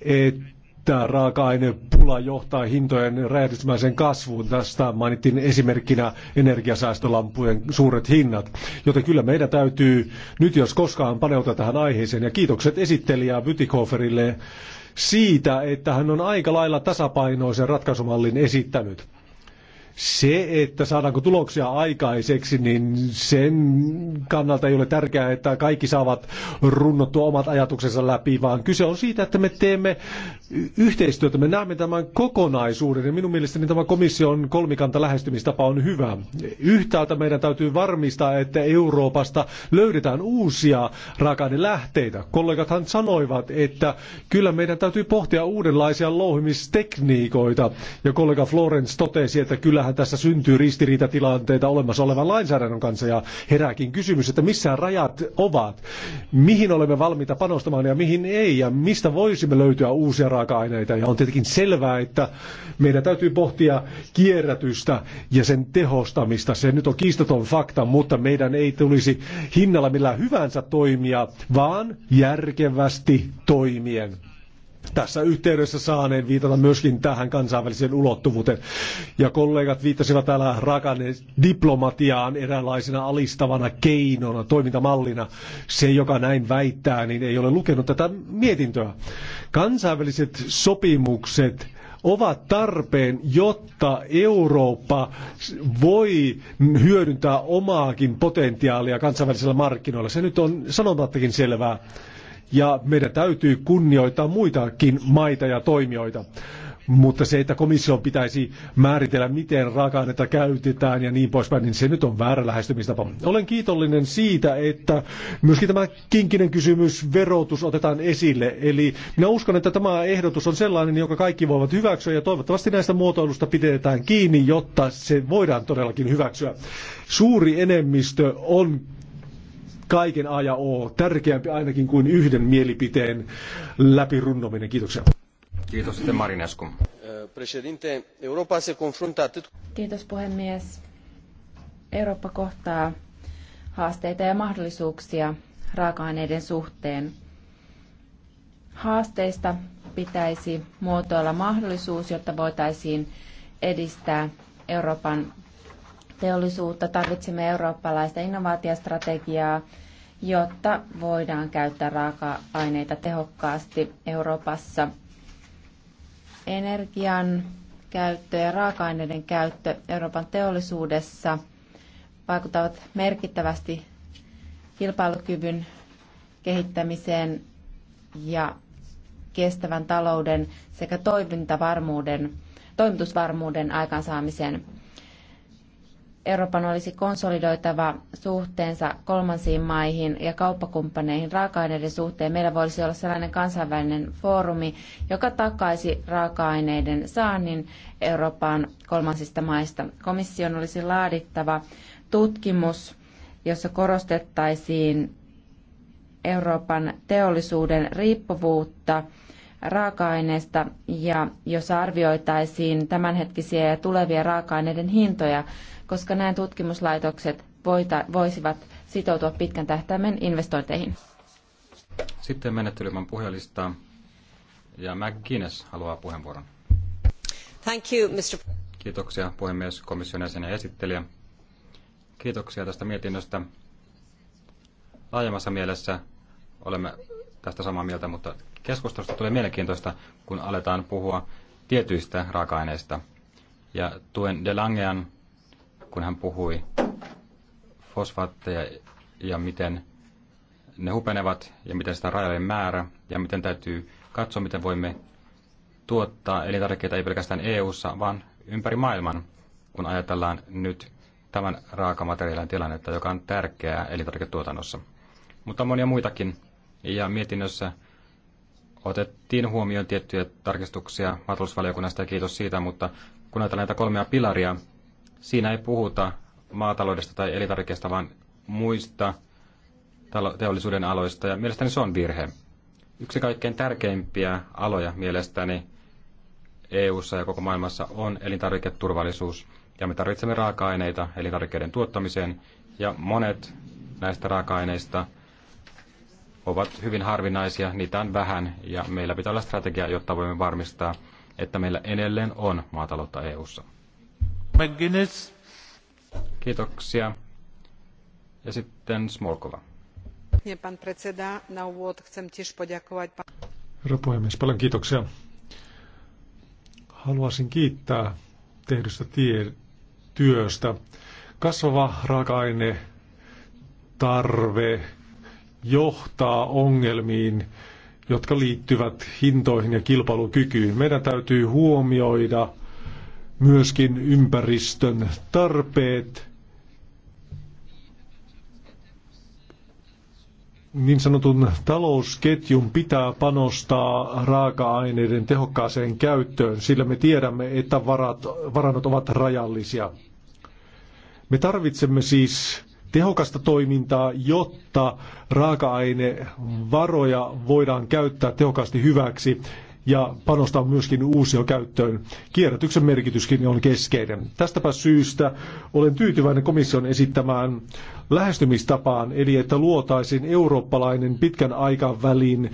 että raaka-ainepula johtaa hintojen räjähdysmäiseen kasvuun. Tästä mainittiin esimerkkinä energiasäästölampujen suuret hinnat. Joten kyllä meidän täytyy nyt jos koskaan paneuta tähän aiheeseen. Ja kiitokset esittelijää Bytikoferille siitä, että hän on aika lailla tasapainoisen ratkaisumallin esittänyt. Se, että saadaanko tuloksia aikaiseksi, niin sen kannalta ei ole tärkeää, että kaikki saavat runnottua omat ajatuksensa läpi, vaan kyse on siitä, että me teemme yhteistyötä, me näemme tämän kokonaisuuden ja minun mielestäni tämä komission kolmikanta lähestymistapa on hyvä. Yhtäältä meidän täytyy varmistaa, että Euroopasta löydetään uusia raaka ainelähteitä Kollegathan sanoivat, että kyllä meidän täytyy pohtia uudenlaisia louhimistekniikoita ja kollega Florence totesi, että kyllä kyllähän tässä syntyy ristiriitatilanteita olemassa olevan lainsäädännön kanssa ja herääkin kysymys, että missä rajat ovat, mihin olemme valmiita panostamaan ja mihin ei ja mistä voisimme löytyä uusia raaka-aineita. Ja on tietenkin selvää, että meidän täytyy pohtia kierrätystä ja sen tehostamista. Se nyt on kiistaton fakta, mutta meidän ei tulisi hinnalla millä hyvänsä toimia, vaan järkevästi toimien tässä yhteydessä saaneen viitata myöskin tähän kansainväliseen ulottuvuuteen. Ja kollegat viittasivat täällä rakanne diplomatiaan eräänlaisena alistavana keinona, toimintamallina. Se, joka näin väittää, niin ei ole lukenut tätä mietintöä. Kansainväliset sopimukset ovat tarpeen, jotta Eurooppa voi hyödyntää omaakin potentiaalia kansainvälisillä markkinoilla. Se nyt on sanomattakin selvää ja meidän täytyy kunnioittaa muitakin maita ja toimijoita. Mutta se, että komission pitäisi määritellä, miten raaka-ainetta käytetään ja niin poispäin, niin se nyt on väärä lähestymistapa. Olen kiitollinen siitä, että myöskin tämä kinkinen kysymys, verotus, otetaan esille. Eli minä uskon, että tämä ehdotus on sellainen, joka kaikki voivat hyväksyä ja toivottavasti näistä muotoilusta pidetään kiinni, jotta se voidaan todellakin hyväksyä. Suuri enemmistö on kaiken A ja O. Tärkeämpi ainakin kuin yhden mielipiteen läpirunnominen. Kiitoksia. Kiitos sitten Marinescu. Presidente, se Kiitos puhemies. Eurooppa kohtaa haasteita ja mahdollisuuksia raaka-aineiden suhteen. Haasteista pitäisi muotoilla mahdollisuus, jotta voitaisiin edistää Euroopan teollisuutta, tarvitsemme eurooppalaista innovaatiostrategiaa, jotta voidaan käyttää raaka-aineita tehokkaasti Euroopassa. Energian käyttö ja raaka-aineiden käyttö Euroopan teollisuudessa vaikuttavat merkittävästi kilpailukyvyn kehittämiseen ja kestävän talouden sekä toimintavarmuuden, toimitusvarmuuden aikaansaamiseen. Euroopan olisi konsolidoitava suhteensa kolmansiin maihin ja kauppakumppaneihin raaka-aineiden suhteen. Meillä voisi olla sellainen kansainvälinen foorumi, joka takaisi raaka-aineiden saannin Euroopan kolmansista maista. Komission olisi laadittava tutkimus, jossa korostettaisiin Euroopan teollisuuden riippuvuutta raaka-aineista ja jossa arvioitaisiin tämänhetkisiä ja tulevia raaka-aineiden hintoja koska näin tutkimuslaitokset voita, voisivat sitoutua pitkän tähtäimen investointeihin. Sitten menettelymän puhujalistaa. Ja McGuinness haluaa puheenvuoron. Thank you, Mr. Kiitoksia puhemies, komission jäsen ja esittelijä. Kiitoksia tästä mietinnöstä. Laajemmassa mielessä olemme tästä samaa mieltä, mutta keskustelusta tulee mielenkiintoista, kun aletaan puhua tietyistä raaka-aineista. Ja tuen Delangean kun hän puhui fosfaatteja ja miten ne hupenevat ja miten sitä rajojen määrä ja miten täytyy katsoa, miten voimme tuottaa elintarvikkeita ei pelkästään EU-ssa, vaan ympäri maailman, kun ajatellaan nyt tämän raakamateriaalin tilannetta, joka on tärkeää elintarviketuotannossa. Mutta on monia muitakin, ja mietinnössä otettiin huomioon tiettyjä tarkistuksia maatalousvaliokunnasta, ja kiitos siitä, mutta kun ajatellaan näitä kolmea pilaria, Siinä ei puhuta maataloudesta tai elintarvikkeesta, vaan muista teollisuuden aloista, ja mielestäni se on virhe. Yksi kaikkein tärkeimpiä aloja mielestäni EU:ssa ja koko maailmassa on elintarviketurvallisuus, ja me tarvitsemme raaka-aineita elintarvikkeiden tuottamiseen, ja monet näistä raaka-aineista ovat hyvin harvinaisia, niitä on vähän, ja meillä pitää olla strategia, jotta voimme varmistaa, että meillä edelleen on maataloutta EU:ssa. McGuinness. Kiitoksia. Ja sitten Smolkova. Herra puhemies, paljon kiitoksia. Haluaisin kiittää tehdystä tie- työstä. Kasvava raaka-aine tarve johtaa ongelmiin, jotka liittyvät hintoihin ja kilpailukykyyn. Meidän täytyy huomioida – myöskin ympäristön tarpeet, niin sanotun talousketjun pitää panostaa raaka-aineiden tehokkaaseen käyttöön, sillä me tiedämme, että varat, varannot ovat rajallisia. Me tarvitsemme siis tehokasta toimintaa, jotta raaka-ainevaroja voidaan käyttää tehokkaasti hyväksi ja panostaa myöskin uusiokäyttöön. Kierrätyksen merkityskin on keskeinen. Tästäpä syystä olen tyytyväinen komission esittämään lähestymistapaan, eli että luotaisiin eurooppalainen pitkän aikavälin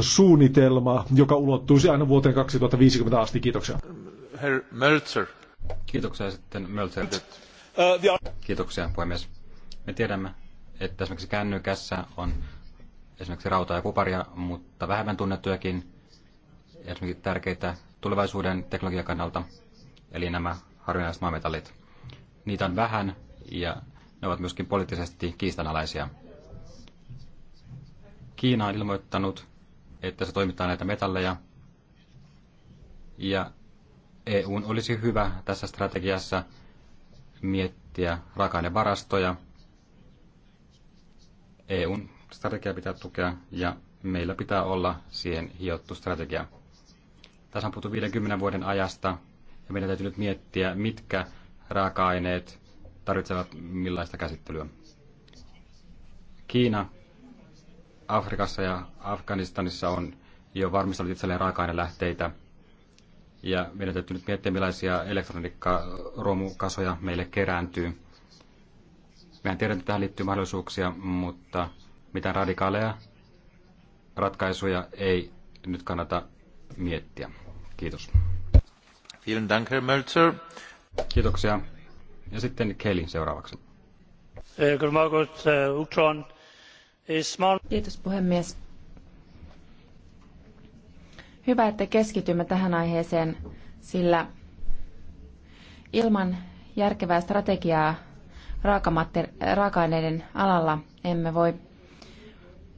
suunnitelma, joka ulottuisi aina vuoteen 2050 asti. Kiitoksia. Herr Mölzer. Kiitoksia sitten Mölzer. Kiitoksia puhemies. Me tiedämme, että esimerkiksi kännykässä on esimerkiksi rautaa ja kuparia, mutta vähemmän tunnettujakin esimerkiksi tärkeitä tulevaisuuden teknologian kannalta, eli nämä harvinaiset maametallit. Niitä on vähän ja ne ovat myöskin poliittisesti kiistanalaisia. Kiina on ilmoittanut, että se toimittaa näitä metalleja ja EUn olisi hyvä tässä strategiassa miettiä raaka-ainevarastoja. EUn strategia pitää tukea ja meillä pitää olla siihen hiottu strategia. Tässä on puhuttu 50 vuoden ajasta ja meidän täytyy nyt miettiä, mitkä raaka-aineet tarvitsevat millaista käsittelyä. Kiina Afrikassa ja Afganistanissa on jo varmistanut itselleen raaka-ainelähteitä. Ja meidän täytyy nyt miettiä, millaisia elektroniikkaromukasoja meille kerääntyy. Mehän tiedän, että tähän liittyy mahdollisuuksia, mutta mitään radikaaleja ratkaisuja ei nyt kannata miettiä. Kiitos. Vielen Dank, Herr Mölzer. Kiitoksia. Ja sitten Kelly seuraavaksi. Eh, eh, eh, Kiitos puhemies. Hyvä, että keskitymme tähän aiheeseen, sillä ilman järkevää strategiaa raaka-aineiden alalla emme voi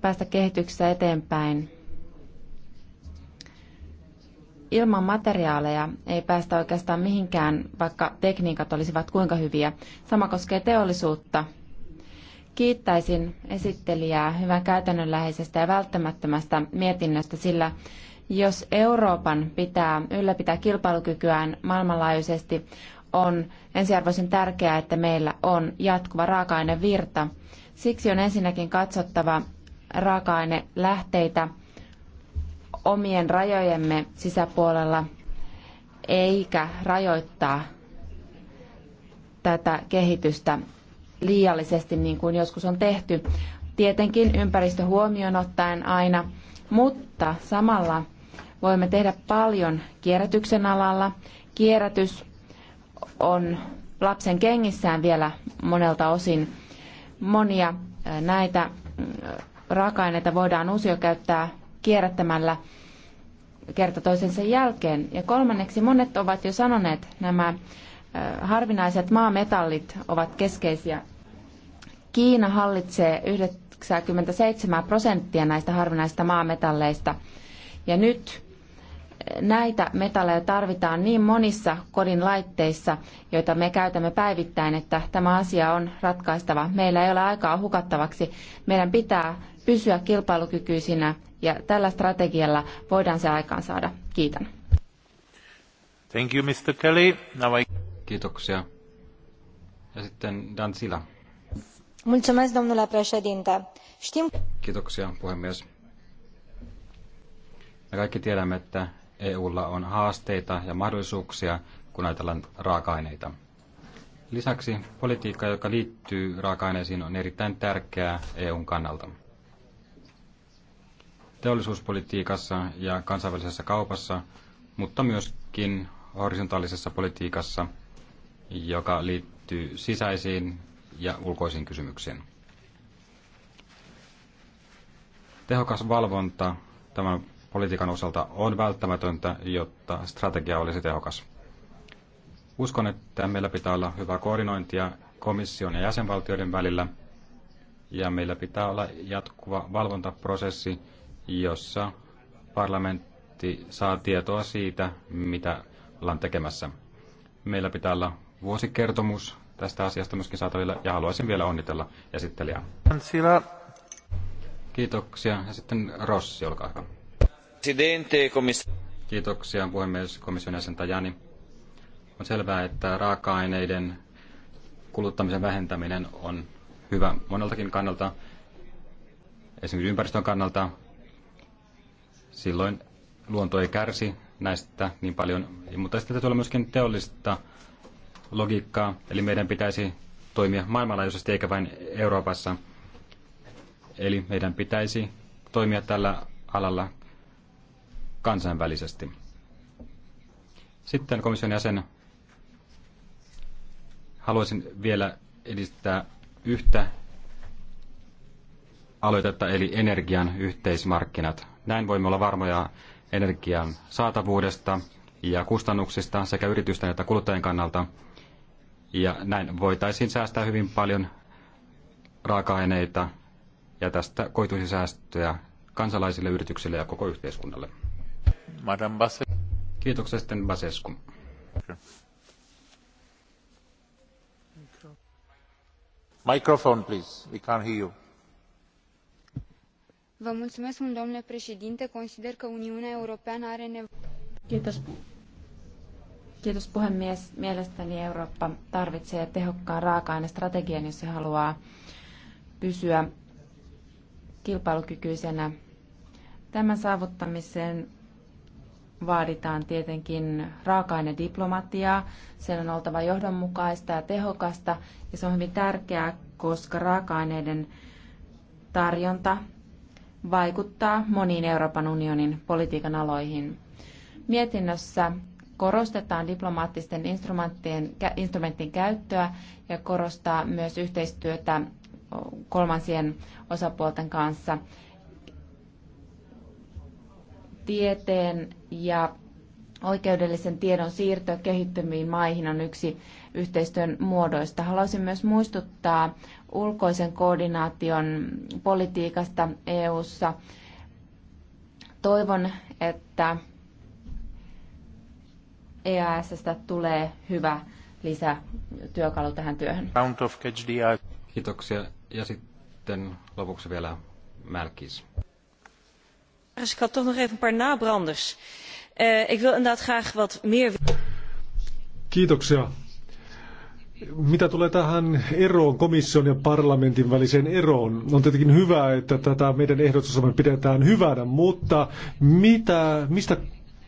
päästä kehityksessä eteenpäin. Ilman materiaaleja ei päästä oikeastaan mihinkään, vaikka tekniikat olisivat kuinka hyviä. Sama koskee teollisuutta. Kiittäisin esittelijää hyvän käytännönläheisestä ja välttämättömästä mietinnöstä, sillä jos Euroopan pitää ylläpitää kilpailukykyään maailmanlaajuisesti, on ensiarvoisen tärkeää, että meillä on jatkuva raaka-ainevirta. Siksi on ensinnäkin katsottava raaka-ainelähteitä omien rajojemme sisäpuolella eikä rajoittaa tätä kehitystä liiallisesti niin kuin joskus on tehty. Tietenkin ympäristö huomioon ottaen aina, mutta samalla voimme tehdä paljon kierrätyksen alalla. Kierrätys on lapsen kengissään vielä monelta osin. Monia näitä raaka-aineita voidaan uusio käyttää kierrättämällä kerta toisensa jälkeen. Ja kolmanneksi monet ovat jo sanoneet, nämä harvinaiset maametallit ovat keskeisiä. Kiina hallitsee 97 prosenttia näistä harvinaista maametalleista. Ja nyt näitä metalleja tarvitaan niin monissa kodin laitteissa, joita me käytämme päivittäin, että tämä asia on ratkaistava. Meillä ei ole aikaa hukattavaksi. Meidän pitää pysyä kilpailukykyisinä ja tällä strategialla voidaan se aikaansaada. Kiitän. Thank you, Mr. Kelly. Now I... Kiitoksia. Ja sitten Dan Sila. Mulțumesc, domnule președinte. Știm... Kiitoksia, puhemies. Me kaikki tiedämme, että EUlla on haasteita ja mahdollisuuksia, kun ajatellaan raaka-aineita. Lisäksi politiikka, joka liittyy raaka-aineisiin, on erittäin tärkeää EUn kannalta teollisuuspolitiikassa ja kansainvälisessä kaupassa, mutta myöskin horisontaalisessa politiikassa, joka liittyy sisäisiin ja ulkoisiin kysymyksiin. Tehokas valvonta tämän politiikan osalta on välttämätöntä, jotta strategia olisi tehokas. Uskon, että meillä pitää olla hyvää koordinointia komission ja jäsenvaltioiden välillä, ja meillä pitää olla jatkuva valvontaprosessi, jossa parlamentti saa tietoa siitä, mitä ollaan tekemässä. Meillä pitää olla vuosikertomus tästä asiasta myöskin saatavilla ja haluaisin vielä onnitella esittelijää. Kiitoksia. Ja sitten Rossi, olkaa hyvä. Kiitoksia puhemies komission jäsen Tajani. On selvää, että raaka-aineiden kuluttamisen vähentäminen on hyvä moneltakin kannalta, esimerkiksi ympäristön kannalta, Silloin luonto ei kärsi näistä niin paljon, mutta sitten täytyy olla myöskin teollista logiikkaa, eli meidän pitäisi toimia maailmanlaajuisesti eikä vain Euroopassa. Eli meidän pitäisi toimia tällä alalla kansainvälisesti. Sitten komission jäsen, haluaisin vielä edistää yhtä aloitetta, eli energian yhteismarkkinat. Näin voimme olla varmoja energian saatavuudesta ja kustannuksista sekä yritysten että kuluttajien kannalta. Ja näin voitaisiin säästää hyvin paljon raaka-aineita ja tästä koituisi säästöjä kansalaisille, yrityksille ja koko yhteiskunnalle. Madame Basse. Kiitoksia sitten Basescu. Microphone, please. We can't hear you consider că uniunea europeană are nevoie Kiitos Mielestäni Eurooppa tarvitsee tehokkaan raaka-ainestrategian, jos se haluaa pysyä kilpailukykyisenä. Tämän saavuttamiseen vaaditaan tietenkin raaka-ainediplomatiaa. Sen on oltava johdonmukaista ja tehokasta ja se on hyvin tärkeää, koska raaka-aineiden tarjonta vaikuttaa moniin Euroopan unionin politiikan aloihin. Mietinnössä korostetaan diplomaattisten instrumenttien, instrumenttien käyttöä ja korostaa myös yhteistyötä kolmansien osapuolten kanssa tieteen ja oikeudellisen tiedon siirto kehittymiin maihin on yksi yhteistyön muodoista. Haluaisin myös muistuttaa ulkoisen koordinaation politiikasta EU:ssa. Toivon, että EASstä tulee hyvä lisätyökalu tähän työhön. Round of Kiitoksia. Ja sitten lopuksi vielä Mälkis. Ik had toch nog even een paar nabranders. Uh, ik wil inderdaad graag wat meer... Kiitoksia. Mitä tulee tähän eroon, komission ja parlamentin väliseen eroon, on tietenkin hyvä, että tätä meidän ehdotusamme pidetään hyvänä, mutta mitä, mistä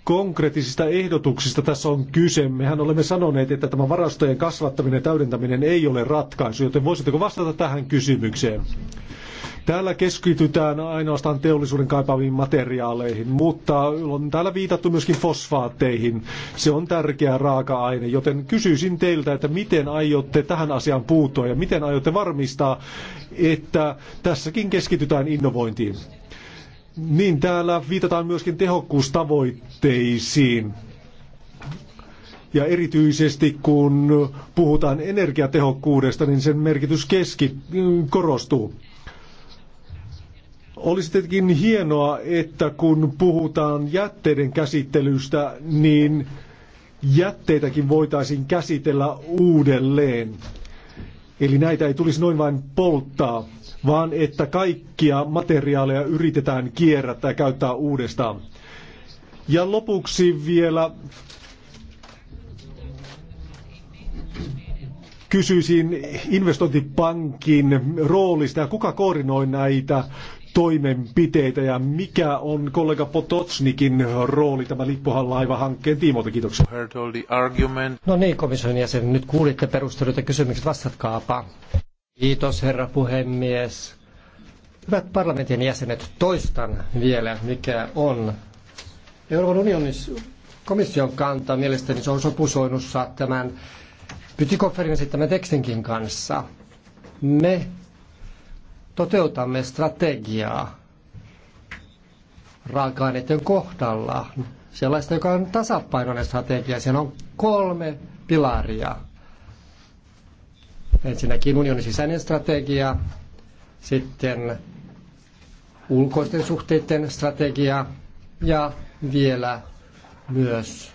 konkreettisista ehdotuksista tässä on kyse. Mehän olemme sanoneet, että tämä varastojen kasvattaminen ja täydentäminen ei ole ratkaisu, joten voisitteko vastata tähän kysymykseen? Täällä keskitytään ainoastaan teollisuuden kaipaaviin materiaaleihin, mutta on täällä viitattu myöskin fosfaatteihin. Se on tärkeä raaka-aine, joten kysyisin teiltä, että miten aiotte tähän asiaan puuttua ja miten aiotte varmistaa, että tässäkin keskitytään innovointiin. Niin, täällä viitataan myöskin tehokkuustavoitteisiin. Ja erityisesti kun puhutaan energiatehokkuudesta, niin sen merkitys keski korostuu. Olisi tietenkin hienoa, että kun puhutaan jätteiden käsittelystä, niin jätteitäkin voitaisiin käsitellä uudelleen. Eli näitä ei tulisi noin vain polttaa, vaan että kaikkia materiaaleja yritetään kierrättää ja käyttää uudestaan. Ja lopuksi vielä kysyisin investointipankin roolista ja kuka koordinoi näitä toimenpiteitä ja mikä on kollega Potocnikin rooli tämän lippuhan laivahankkeen tiimoilta? Kiitoksia. No niin, komission jäsen, nyt kuulitte perusteluita kysymykset, vastatkaapa. Kiitos, herra puhemies. Hyvät parlamentin jäsenet, toistan vielä, mikä on Euroopan unionin komission kanta. Mielestäni se on sopusoinnussa tämän pytikonferenssin tämän tekstinkin kanssa. Me toteutamme strategiaa raaka-aineiden kohdalla, sellaista, joka on tasapainoinen strategia. Siinä on kolme pilaria. Ensinnäkin unionin sisäinen strategia, sitten ulkoisten suhteiden strategia ja vielä myös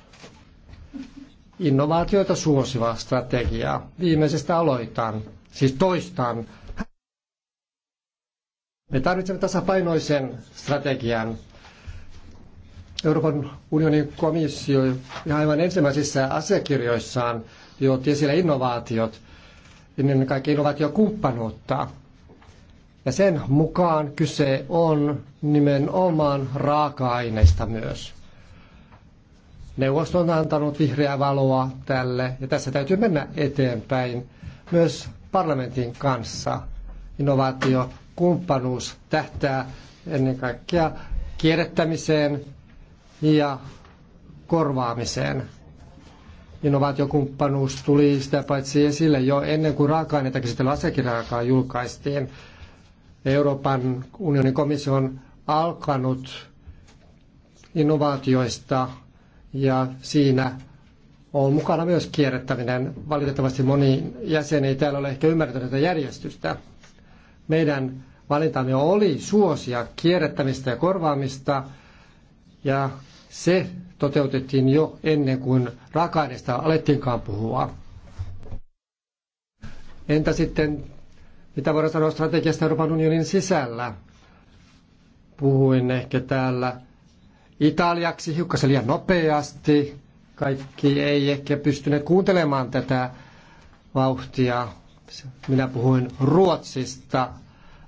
innovaatioita suosiva strategia. Viimeisestä aloitan, siis toistan me tarvitsemme tasapainoisen strategian. Euroopan unionin komissio ja aivan ensimmäisissä asiakirjoissaan jo otti esille innovaatiot, ennen kaikkea innovaatiokumppanuutta. Ja sen mukaan kyse on nimenomaan raaka-aineista myös. Neuvosto on antanut vihreää valoa tälle ja tässä täytyy mennä eteenpäin myös parlamentin kanssa. Innovaatio kumppanuus tähtää ennen kaikkea kierrättämiseen ja korvaamiseen. Innovaatiokumppanuus tuli sitä paitsi esille jo ennen kuin raaka-aineita käsitellä asiakirjaakaan julkaistiin. Euroopan unionin komissio on alkanut innovaatioista ja siinä on mukana myös kierrättäminen. Valitettavasti moni jäsen ei täällä ole ehkä ymmärtänyt tätä järjestystä meidän valintamme oli suosia kierrättämistä ja korvaamista, ja se toteutettiin jo ennen kuin raaka-aineista alettiinkaan puhua. Entä sitten, mitä voidaan sanoa strategiasta Euroopan unionin sisällä? Puhuin ehkä täällä italiaksi hiukkasen liian nopeasti. Kaikki ei ehkä pystyneet kuuntelemaan tätä vauhtia. Minä puhuin Ruotsista,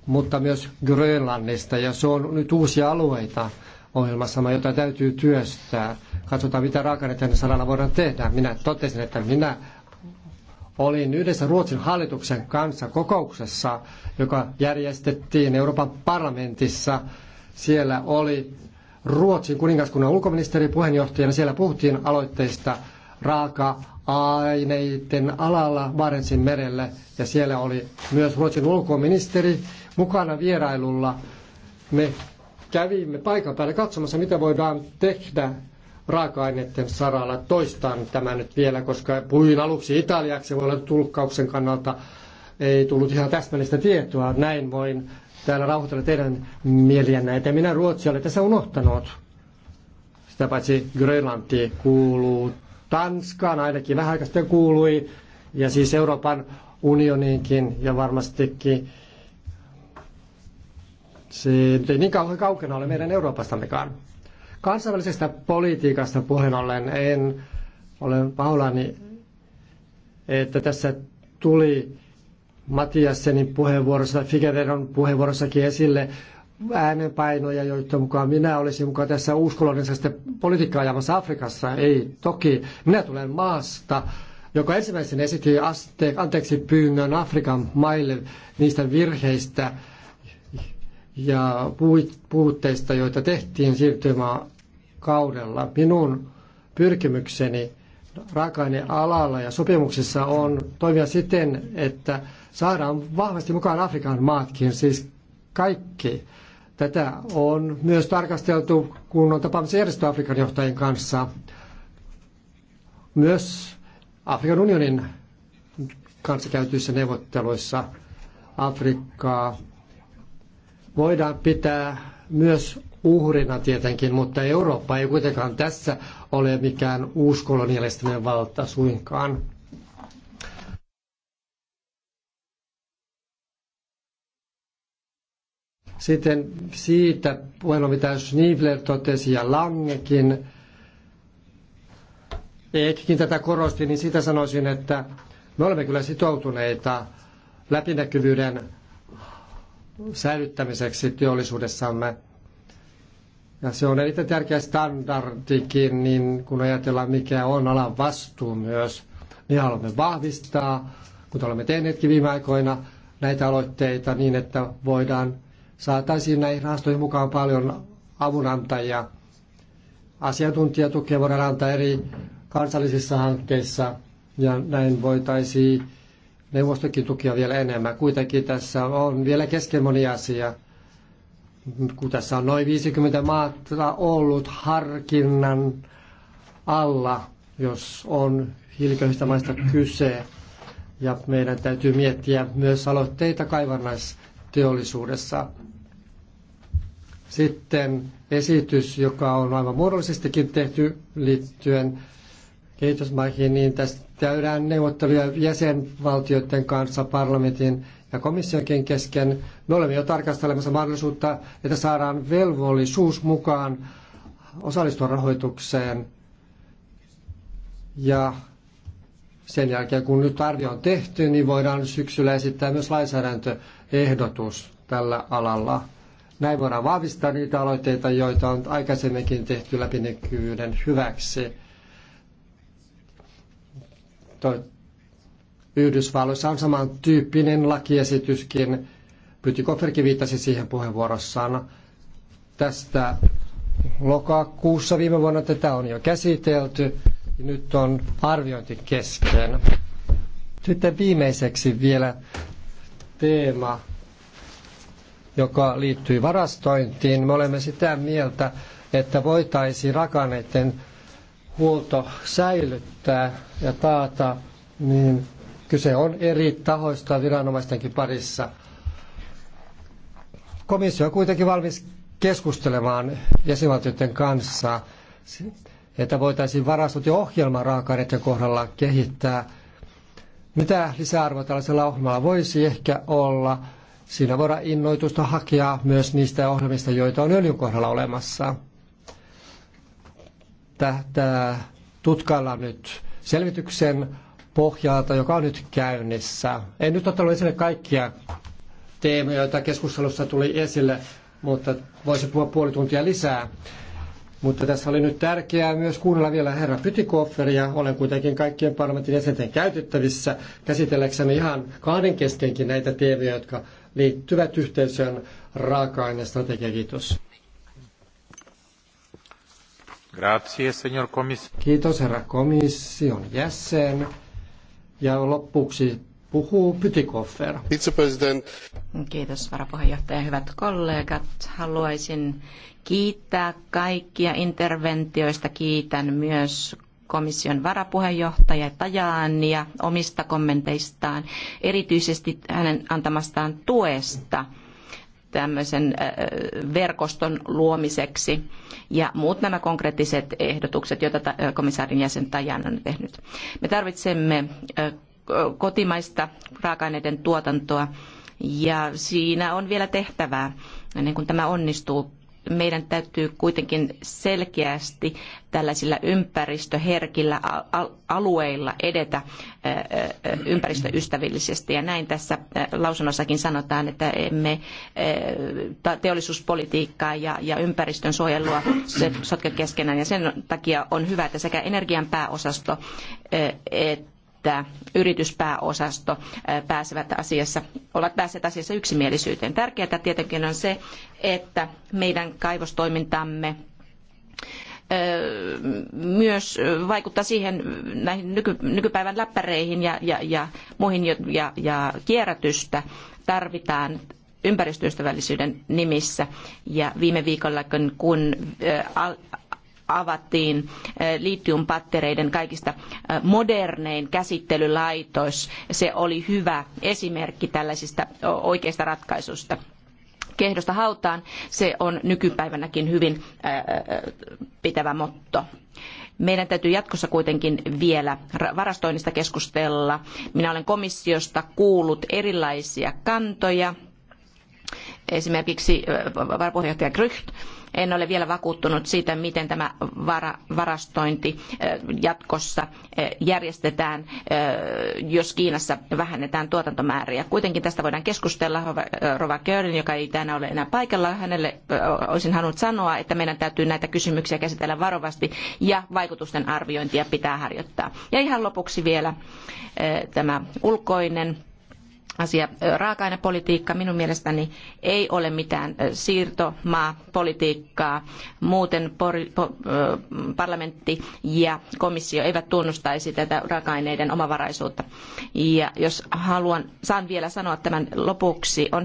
mutta myös Grönlannista, ja se on nyt uusia alueita ohjelmassa, jota täytyy työstää. Katsotaan, mitä raaka saralla voidaan tehdä. Minä totesin, että minä olin yhdessä Ruotsin hallituksen kanssa kokouksessa, joka järjestettiin Euroopan parlamentissa. Siellä oli Ruotsin kuningaskunnan ulkoministeri puheenjohtajana. Siellä puhuttiin aloitteista raaka aineiden alalla Barentsin merellä ja siellä oli myös Ruotsin ulkoministeri mukana vierailulla. Me kävimme paikan päällä katsomassa, mitä voidaan tehdä raaka-aineiden saralla. Toistan tämä nyt vielä, koska puhuin aluksi italiaksi, voi olla tulkkauksen kannalta ei tullut ihan täsmällistä tietoa. Näin voin täällä rauhoitella teidän mieliä että minä Ruotsia olen tässä unohtanut. Sitä paitsi Grönlanti kuuluu Tanskaan ainakin vähän aikaa sitten kuului, ja siis Euroopan unioniinkin ja varmastikin se ei niin kauhean kaukana ole meidän Euroopastammekaan. Kansainvälisestä politiikasta puheen ollen en ole pahoillani, että tässä tuli Matiasenin puheenvuorossa, Figueredon puheenvuorossakin esille äänenpainoja, joita mukaan minä olisin mukaan tässä uuskolonissa sitten politiikkaa ajamassa Afrikassa. Ei, toki. Minä tulen maasta, joka ensimmäisen esitti aste, anteeksi pyynnön Afrikan maille niistä virheistä ja puutteista, joita tehtiin kaudella. Minun pyrkimykseni raaka alalla ja sopimuksessa on toimia siten, että saadaan vahvasti mukaan Afrikan maatkin, siis kaikki Tätä on myös tarkasteltu, kun on tapaamisen järjestetty Afrikan johtajien kanssa. Myös Afrikan unionin kanssa käytyissä neuvotteluissa Afrikkaa voidaan pitää myös uhrina tietenkin, mutta Eurooppa ei kuitenkaan tässä ole mikään uuskolonialistinen valta suinkaan. Sitten siitä puhelu, mitä Schniebler totesi ja Langekin, Eetkin tätä korosti, niin sitä sanoisin, että me olemme kyllä sitoutuneita läpinäkyvyyden säilyttämiseksi teollisuudessamme. Ja se on erittäin tärkeä standardikin, niin kun ajatellaan mikä on alan vastuu myös, niin haluamme vahvistaa, kun olemme tehneetkin viime aikoina, näitä aloitteita niin, että voidaan saataisiin näihin rahastoihin mukaan paljon avunantajia. Asiantuntijatukea voidaan antaa eri kansallisissa hankkeissa ja näin voitaisiin neuvostokin tukia vielä enemmän. Kuitenkin tässä on vielä kesken moni asia. Kun tässä on noin 50 maata ollut harkinnan alla, jos on hilköistä maista kyse. Ja meidän täytyy miettiä myös aloitteita kaivannaisteollisuudessa. Sitten esitys, joka on aivan muodollisestikin tehty liittyen kehitysmaihin, niin tästä käydään neuvotteluja jäsenvaltioiden kanssa, parlamentin ja komissionkin kesken. Me olemme jo tarkastelemassa mahdollisuutta, että saadaan velvollisuus mukaan osallistua rahoitukseen. Ja sen jälkeen, kun nyt arvio on tehty, niin voidaan syksyllä esittää myös lainsäädäntöehdotus tällä alalla. Näin voidaan vahvistaa niitä aloitteita, joita on aikaisemminkin tehty läpinäkyvyyden hyväksi. Toi Yhdysvalloissa on samantyyppinen lakiesityskin. pyti Kofferkin viittasi siihen puheenvuorossaan. Tästä lokakuussa viime vuonna tätä on jo käsitelty. Ja nyt on arviointi kesken. Sitten viimeiseksi vielä teema, joka liittyy varastointiin. Me olemme sitä mieltä, että voitaisiin rakaneiden huolto säilyttää ja taata, niin kyse on eri tahoista viranomaistenkin parissa. Komissio on kuitenkin valmis keskustelemaan jäsenvaltioiden kanssa, että voitaisiin varastot ja ohjelma raaka-aineiden kohdalla kehittää. Mitä lisäarvoa tällaisella ohjelmalla voisi ehkä olla? Siinä voidaan innoitusta hakea myös niistä ohjelmista, joita on öljyn kohdalla olemassa. Tätä tutkaillaan nyt selvityksen pohjalta, joka on nyt käynnissä. En nyt ottanut esille kaikkia teemoja, joita keskustelussa tuli esille, mutta voisi puhua puoli tuntia lisää. Mutta tässä oli nyt tärkeää myös kuunnella vielä herra Pytikofferia. Olen kuitenkin kaikkien parlamentin jäsenten käytettävissä käsitelläkseni ihan kahden keskenkin näitä teemoja, jotka liittyvät yhteisön raaka-ainestrategiaan. Kiitos. Grazie, signor Kiitos herra komission jäsen. Ja lopuksi puhuu Pytikoffer. Kiitos varapuheenjohtaja. Hyvät kollegat, haluaisin kiittää kaikkia interventioista. Kiitän myös komission varapuheenjohtaja ja omista kommenteistaan, erityisesti hänen antamastaan tuesta tämmöisen verkoston luomiseksi ja muut nämä konkreettiset ehdotukset, joita komissaarin jäsen Tajan on tehnyt. Me tarvitsemme kotimaista raaka-aineiden tuotantoa ja siinä on vielä tehtävää ennen kuin tämä onnistuu. Meidän täytyy kuitenkin selkeästi tällaisilla ympäristöherkillä alueilla edetä ympäristöystävällisesti. Ja näin tässä lausunnossakin sanotaan, että emme teollisuuspolitiikkaa ja ympäristön suojelua sotke keskenään. Ja sen takia on hyvä, että sekä energian pääosasto että että yrityspääosasto pääsevät asiassa, ovat päässeet asiassa yksimielisyyteen. Tärkeää tietenkin on se, että meidän kaivostoimintamme myös vaikuttaa siihen näihin nykypäivän läppäreihin ja, ja, ja muihin ja, ja kierrätystä tarvitaan ympäristöystävällisyyden nimissä. Ja viime viikolla, kun avattiin eh, litiumpattereiden kaikista eh, modernein käsittelylaitos. Se oli hyvä esimerkki tällaisista oikeista ratkaisusta. Kehdosta hautaan se on nykypäivänäkin hyvin eh, pitävä motto. Meidän täytyy jatkossa kuitenkin vielä varastoinnista keskustella. Minä olen komissiosta kuullut erilaisia kantoja Esimerkiksi varapuheenjohtaja Grycht, en ole vielä vakuuttunut siitä, miten tämä varastointi jatkossa järjestetään, jos Kiinassa vähennetään tuotantomääriä. Kuitenkin tästä voidaan keskustella. Rova Körin, joka ei tänään ole enää paikalla, hänelle olisin halunnut sanoa, että meidän täytyy näitä kysymyksiä käsitellä varovasti ja vaikutusten arviointia pitää harjoittaa. Ja ihan lopuksi vielä tämä ulkoinen asia. Raaka-ainepolitiikka minun mielestäni ei ole mitään siirtomaapolitiikkaa. Muuten parlamentti ja komissio eivät tunnustaisi tätä raaka-aineiden omavaraisuutta. Ja jos haluan, saan vielä sanoa tämän lopuksi. On